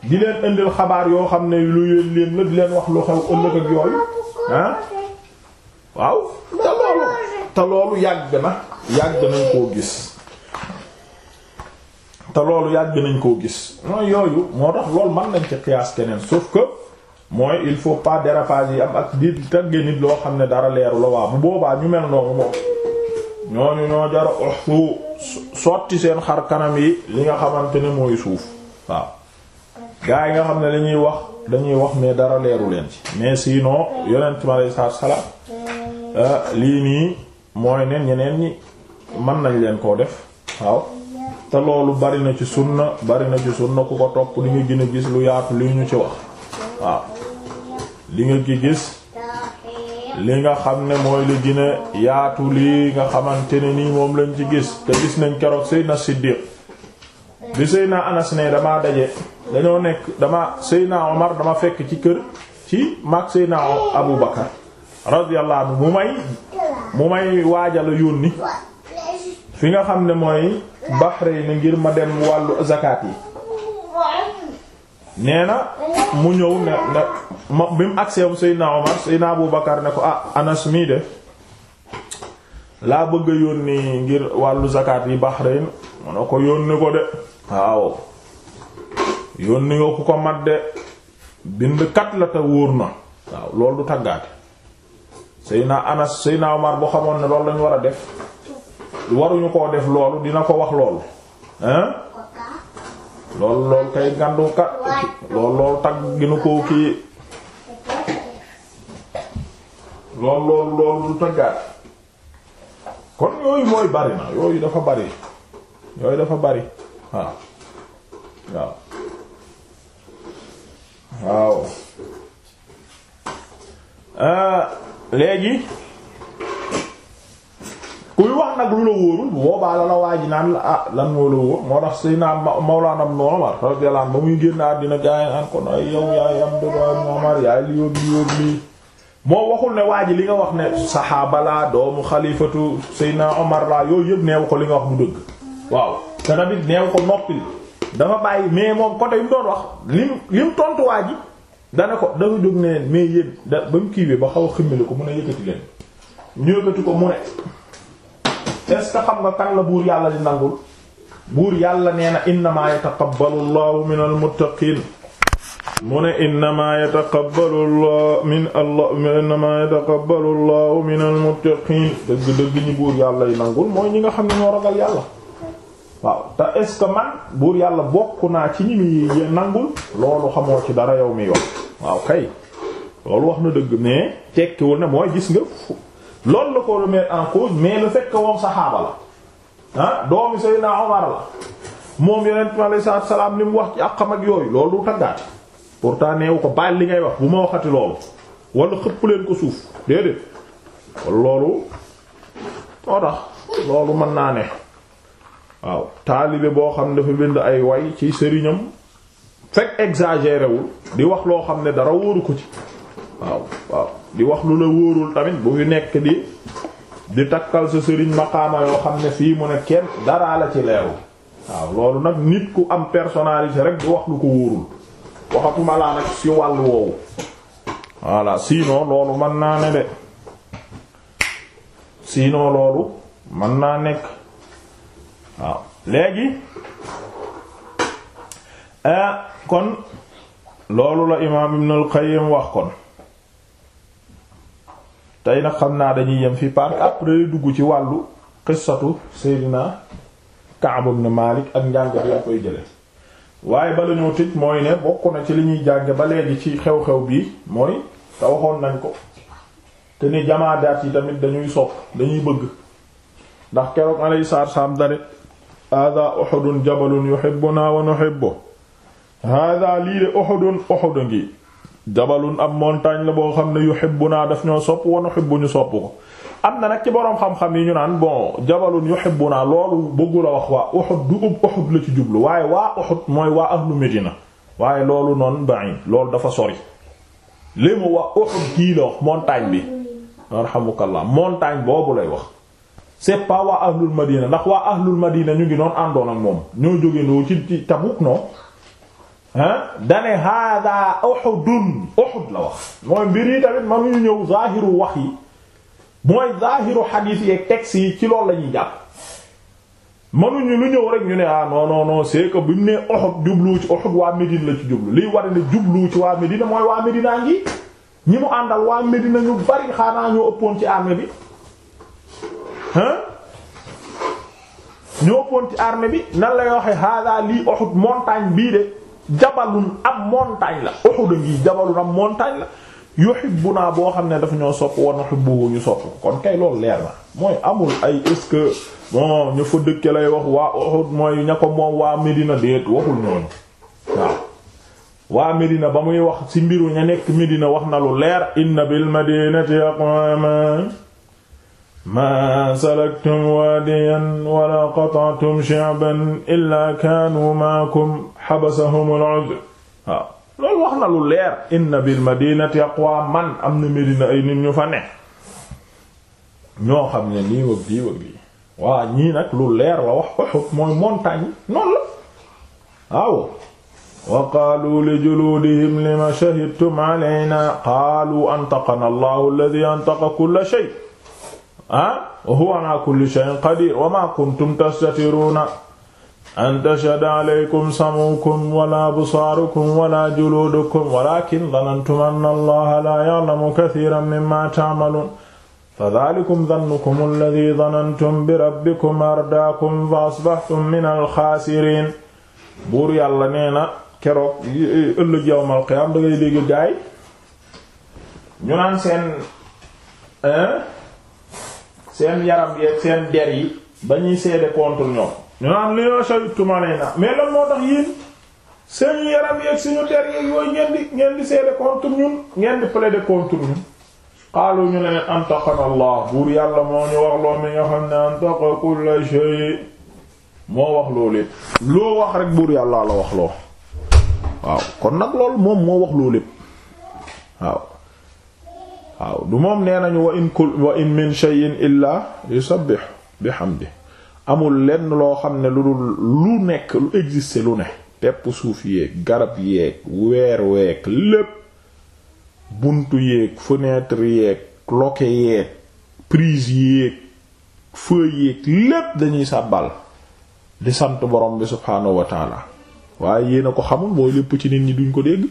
di leen indil xabaar yoo xam ne lu yéen leen la di leen wax lu xew ëllëg ak yooyu ah waaw te loolu te loolu yàgg na yàgg nañ koo gis te loolu yàgg nañ koo gis mooy yooyu moo tax loolu mën nañ ci xiyaas keneen sauf que mooy il faut pas dérapage yi am ak di tagge nit loo xam ne dara leeru la waaw bu boobaa ñu mel noonu moom ñooñu ñoo jar uxfu sotti seen xar kanam yi li nga xamante ne mooy suuf waaw gaa yi nga xam ne dañuy wax dañuy wax ne dara leeru leen ci mais sinon yonent mi alayhi salaatu salaam euh, lii nii mooy ne ñeneen ñi mën nañ leen koo def waaw te loolu bari na ci sunna bari na ci sunna ku ko topp li nga gën a gis lu yaatu li ñu ci wax waaw li nga ki gis li nga xam ne mooy li gën yaatu li nga xamante ne nii moom lañ ci gis te gis nañ keroog Seydina Siddiq bi Seydina Anas ne damaa daje dañoo nekk dama Seydina Omar dama fekk ci kër ci mag Seydina Abu Bakar radiyallahu mu may mu may waajala yónni fi nga xam ne mooy Bahrayn ngir ma dem wàllu zakat yi nee na mu ñëw ne ne moom bi mu agsee bu Seydina Omar Seydina Abu Bakar ne ko ah Anas mii de laa bëgg yónni ngir wàllu zakat yi Bahrain mu ne ko yónni ko de waaw yónni nga ko mat de bind kat la te wóor na waaw loolu du taggaate Seydina Anas Seydina Omar boo xamoon ne loolu lañu war a def waruñu koo def loolu dina ko wax loolu hein lool lool kay ngandu kat lool lool tag ginu koo kii lool lool lool du taggaat kon yooyu mooy bari na yooyu dafa bari yooyu dafa bari waaw waaw waaw euh, léegi kuy wax nag lu la wóorul boobaa la la waa ji naan la ah lan moo la wóor moo tax suy naa Mawlaana Ibn Umar radiyallahu ba muy génn àddina gaay naan kon ay yow yaay am dodoa Umar yaay li yóbbu yóbbu moo waxul ne waa ji li nga wax ne saxaaba laa doomu xalifatu Seydina Omar laa yooyu yëpp neew ko li nga wax bu dëgg waaw te tamit neew ko noppil dafa bàyyi mais moom côté yi mu doon wax lim lim tontu waa ji dana ko dafa jóg ne mais yéen da ba mu kiiwee ba xaw est-ce xam nga kan la buur yàlla di nangul buur yàlla nee na innamaa yataqabbalu allahu min almuttaqiin mu ne innamaa yataqabbalu allahu min allah innamaa yataqabbalu allahu min almuttaqiin dëgg-dëgg ñi buur yàlla di mooy ñi nga xam ne ñoo ragal yàlla waaw te est man buur yàlla bokk naa ci ñi muy nangul loolu xamoo ci dara yow mi yoon waaw kay loolu wax na dëgg mais tekkiwul ne mooy gis nga loolu la ko remettre en cause mais le fait que moom saxaaba la ah doomi Seydina Omar la moom yonent mi salaam li mu wax ci àqam ak yooyu loolu du taggaate pourtant neewu ko baal li ngay wax bu ma waxati loolu wala xëpp leen ko suuf déedéet loolu moo loolu mën naa ne waaw taalibe boo xam ne dafa bind ay way ci sëriñam fekk exagéré wul di wax loo xam ne dara wóoru ko ci waaw waaw di wax lu la wóorul tamit bu fi nekk di di takkal sa sëriñ maqaama yoo xam ne fii mu ne kenn dara la ci leeru waaw loolu nag nit ku am personnalité rek di wax lu ko wóorul waxatuma laa nag ci wàll woowu voilà sinon loolu mën naa ne de sinon loolu mën naa nekk waaw léegi ah, kon loolu la imaam Ibn al wax kon tey nag xam naa dañuy yem fi park après dugg ci wàllu qissatu Seydina Ka'b ibn Malik ak njàng bi koy jële waaye ba ñoo tëj mooy ne bokk na ci li ñuy jànge ba léegi ci xew-xew bii mooy te waxoon nañ ko te ni jamaadaat yi tamit dañuy sopp dañuy bëgg ndax keroog alayhi salaam dane hada Uhudun jabalun yuhibbuna wa nuhibbu hada lii de Uhudun Uhud ngi jabalun ab montagne la boo xam ne naa daf ñoo sopp wa nuhibbuñu sopp ko am na nag ci boroom xam-xam yi ñu naan bon jabalun naa loolu bëggul a wax waa Uhud du ub Uhud la ci jublu waaye waa Uhud mooy waa ahlu Medina waaye loolu noonu bain loolu dafa sori li mu wax Uhud kii la wax montagne bi arhamukallah montagne boobu lay wax c'est pas waa ahlul Madina ndax waa ahlul Madina ñu ngi noon àndoon ak moom ñoo jóge noo ci Tabuk non dane hada uhudun uhud la wax mooy mbir yi tamit mënuñu ñëw zaahiru wax yi mooy zaahiru xadiis yi ak yi ci loolu lañuy ñuy jàpp mënuñu lu ñëw rek ñu ne ah non non bu ñu nee uhud jublu ci uhud waa Médine la ci jublu liy war ne ci waa Médine mooy waa Médina ngi ñi mu àndal waa a ñu bari xanaa ñoo ëppoon ci armée bi hein ëppoon ci armée bi nan lay waxe hada lii uhud montagne bii de jabalun ab montagne la Uhud ngi jabalun ab montagne la yuhibbuna boo xam ne dafa ñoo sopp wa nuhibbu ñu sopp kon kay loolu leer na mooy amul ay est-ce ñu fa dëkke lay wax waa Uhud mooy ña ko moom waa Medina déet waxul ñooñu waa Medina ba muy wax ci mbiru ña nekk Medina wax na lu leer inna bil madinati aqwaman ma salaktum wadiyan wala qata'tum shi'ban illa kanu ma'akum xabasahumul udr waaw loolu wax na lu leer inna bil madinati aqwaman am na Medina ay nit ñu fa ne ñoo xam ne nii wëg dii wëg dii waa ñii nag lu leer la wax Uhud mooy montagne noonu la waaw wa qaalu li juluudihim lima shahidtum alayna qaalu antaqana allahu alladhi antaqa kulla shay ah wa huwa ala kulli shay'in qadir wa ma kuntum tastatiruuna an tashhada alaykum samukum wala absaarukum wala juluudukum walaakin danantum anna allaha laa ya'lamu kathiiran mimmaa ta'maluun fa dhaalikum dhannukum alladhii dhanantum bi rabbikum ardaakum fa asbahtum minal khaasiriin buur yàlla nee na keroog ëllëg yawmal qiyaama dangay dégg gaay ñu naan seen seen yaram yeek seen der yi ba ñuy seede contre ñoom ñu naan li ñoo shahidtum alayna mais lan moo tax yéen seen yaram yeeg suñu der yeeg yooyu ngeen di ngeen di ñun ngeen di plaider contre ñun. qaalu ñu leen antaqana Allah buur yàlla moo ñu wax loo mi nga xam ne antaqa kulla shay moo wax loo loo wax rek buur yàlla la wax loo waaw kon nag loolu moom moo wax loo lépp waaw. waaw du moom nee nañu wa in kul wa in min shay'in illa yusabbihu bihamdihi amul lenn loo xam ne lu dul lu nekk lu existe lu ne pepp suuf yéeg garab yéeg weer weeg lépp buntu yéeg fenêtre yéeg loke yéeg prise yéeg feu yéeg lépp dañuy sàbbal di sant borom bi subhaanahu wa taala waaye yéen a ko xamul mooy lépp ci nit ñi duñ ko dégg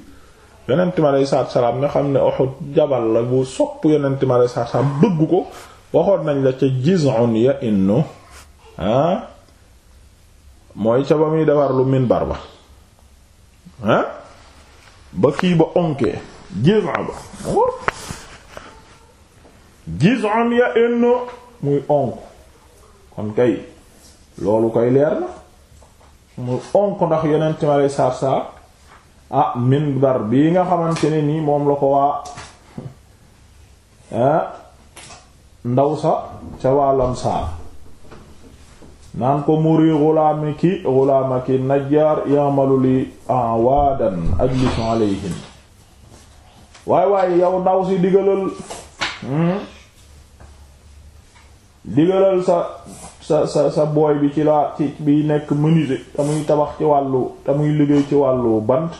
yonent mi sa salaatu salaam nga xam ne Uhud jabal la bu sopp yonent mi aleyhi salaatu salaam bëgg ko waxoon nañ la ca jiz'un ya innu ah mooy ca ba muy defar lu minbar ba ah ba kii ba onkee jiz'a ba jiz'an ya enno muy onk kon kay loolu koy leer na muy onk ndax yonent ma lay saar saar ah minbar bii nga xamante ne nii moom la ko waa ndaw sa ca waa lamsaar naan ko muri xulaami ki xulaama ki najjaar yamalu li awaadan ajlisu alayhim waay waaye yow ndaw si digalal hmm? digalal sa sa sa sa booy bi ci laa ci bi nekk menuisier te tabax ci wàllu te liggéey ci wàllu bant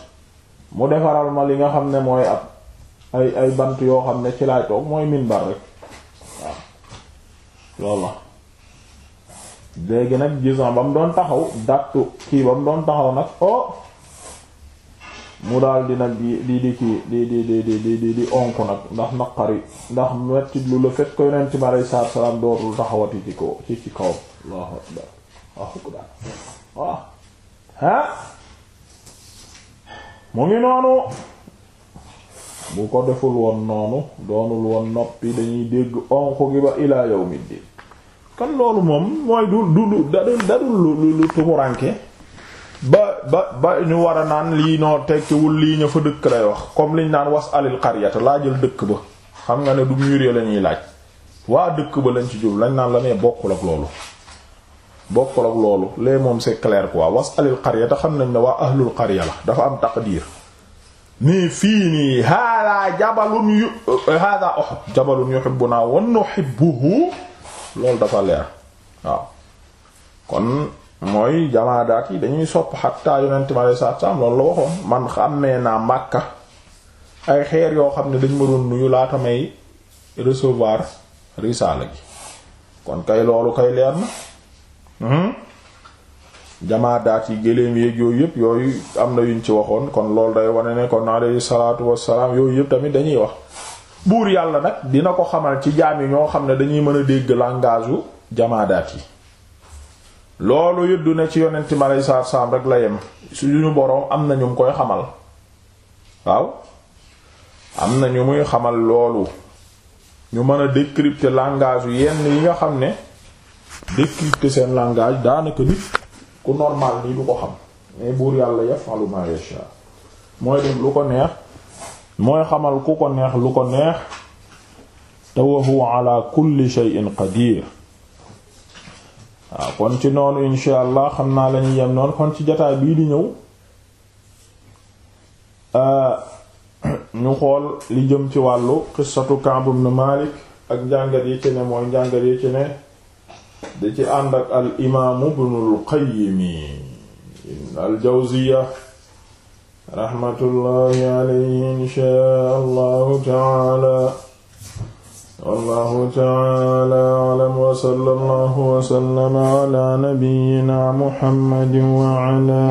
mu defaral ma li nga xam ne mooy ab ay bant yoo xam ne ci laay toog mooy minbar rek waaw loolu la léegi nag gisant ba mu doon taxaw dattu kii ba mu doon taxaw nag oh mu daal di nag di di di kii di di di di di onk nag ndax naqari ndax mettit lu la fekk ko yonent mi aleyhi salaatu wa salaam dootul taxawati ci ko ci ci kaw Allahu akbar ah mu ngi noonu bu ko deful woon noonu doonul woon noppi dañuy dégg onk gi ba ilaa yawmi diin kon loolu moom mooy du du dadul dadul lu lu tumuranke ba ba ba ñu war a naan lii noo tekkiwul lii ña fa dëkk lay wax comme liñ naan was alil qaryata laa jël dëkk ba xam nga ne du mur ya la ñuy laaj waa dëkk ba lañ ci jub lañ naan la nee bokkul ak loolu bokkul ak loolu lee moom c'est clair quoi was alil qaryata xam nañ ne waa ahlul qarya la dafa am taqdiir nii fii nii hada jabalun hada Uhud jabalun yuhibbuna wa nuhibbuhu loolu dafa leer waaw kon mooy jamaadaat yi dañuy sopp xattaa yonente mi alei satu salaam loolu la waxoon man xàmmee naa màkka ay xeer yoo xam ne dañ ma doon nuyu laata may recevoir kon kay loolu kay leer na hmm? yi gëléem yéeg yooyu yëpp yooyu am na yuñ ci waxoon kon loolu day wane ne kon alayhi salaatu wassalaam yooyu yëpp tamit dañuy wax buur yàlla nag dina ko xamal ci jaam yi ñoo xam ne dañuy mën a dégg langage yu jamaadaat yi loolu yëddu ne ci yonent mi aleyhi salaatu salaam rek la yem suñu boroom am na ñu koy xamal waaw am na ñu muy xamal loolu ñu mën a décrypter langage yu yenn yi nga xam ne décrypter seen langage daanaka nit ku normal nii du ko xam mais buur yàlla yafalu ma yasha mooy dem lu ko neex. mooy xamal ku ko neex lu ko neex te wa huwa ala waaw kon ci noonu insha allah xam naa lañuy yem noonu kon ci jataay bii di ñëw euh, ñu xool li jëm ci wàllu qissatu Ka'b ibn Malik ak njàngat yi ci ne mooy njàngat yi ci ne di ci ànd ak al imaamu ibnul Qayyim al Jawziyya raxmatullahi alayhi inshaa allahu taala wallahu taala alam wa sallallahu wa sallama ala nabiyyina muhammadin wa ala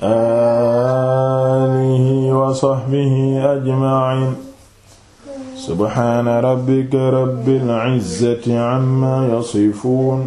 alihi wa sahbihi ajma'in subhaana rabbika rabbil izzati amma yasifun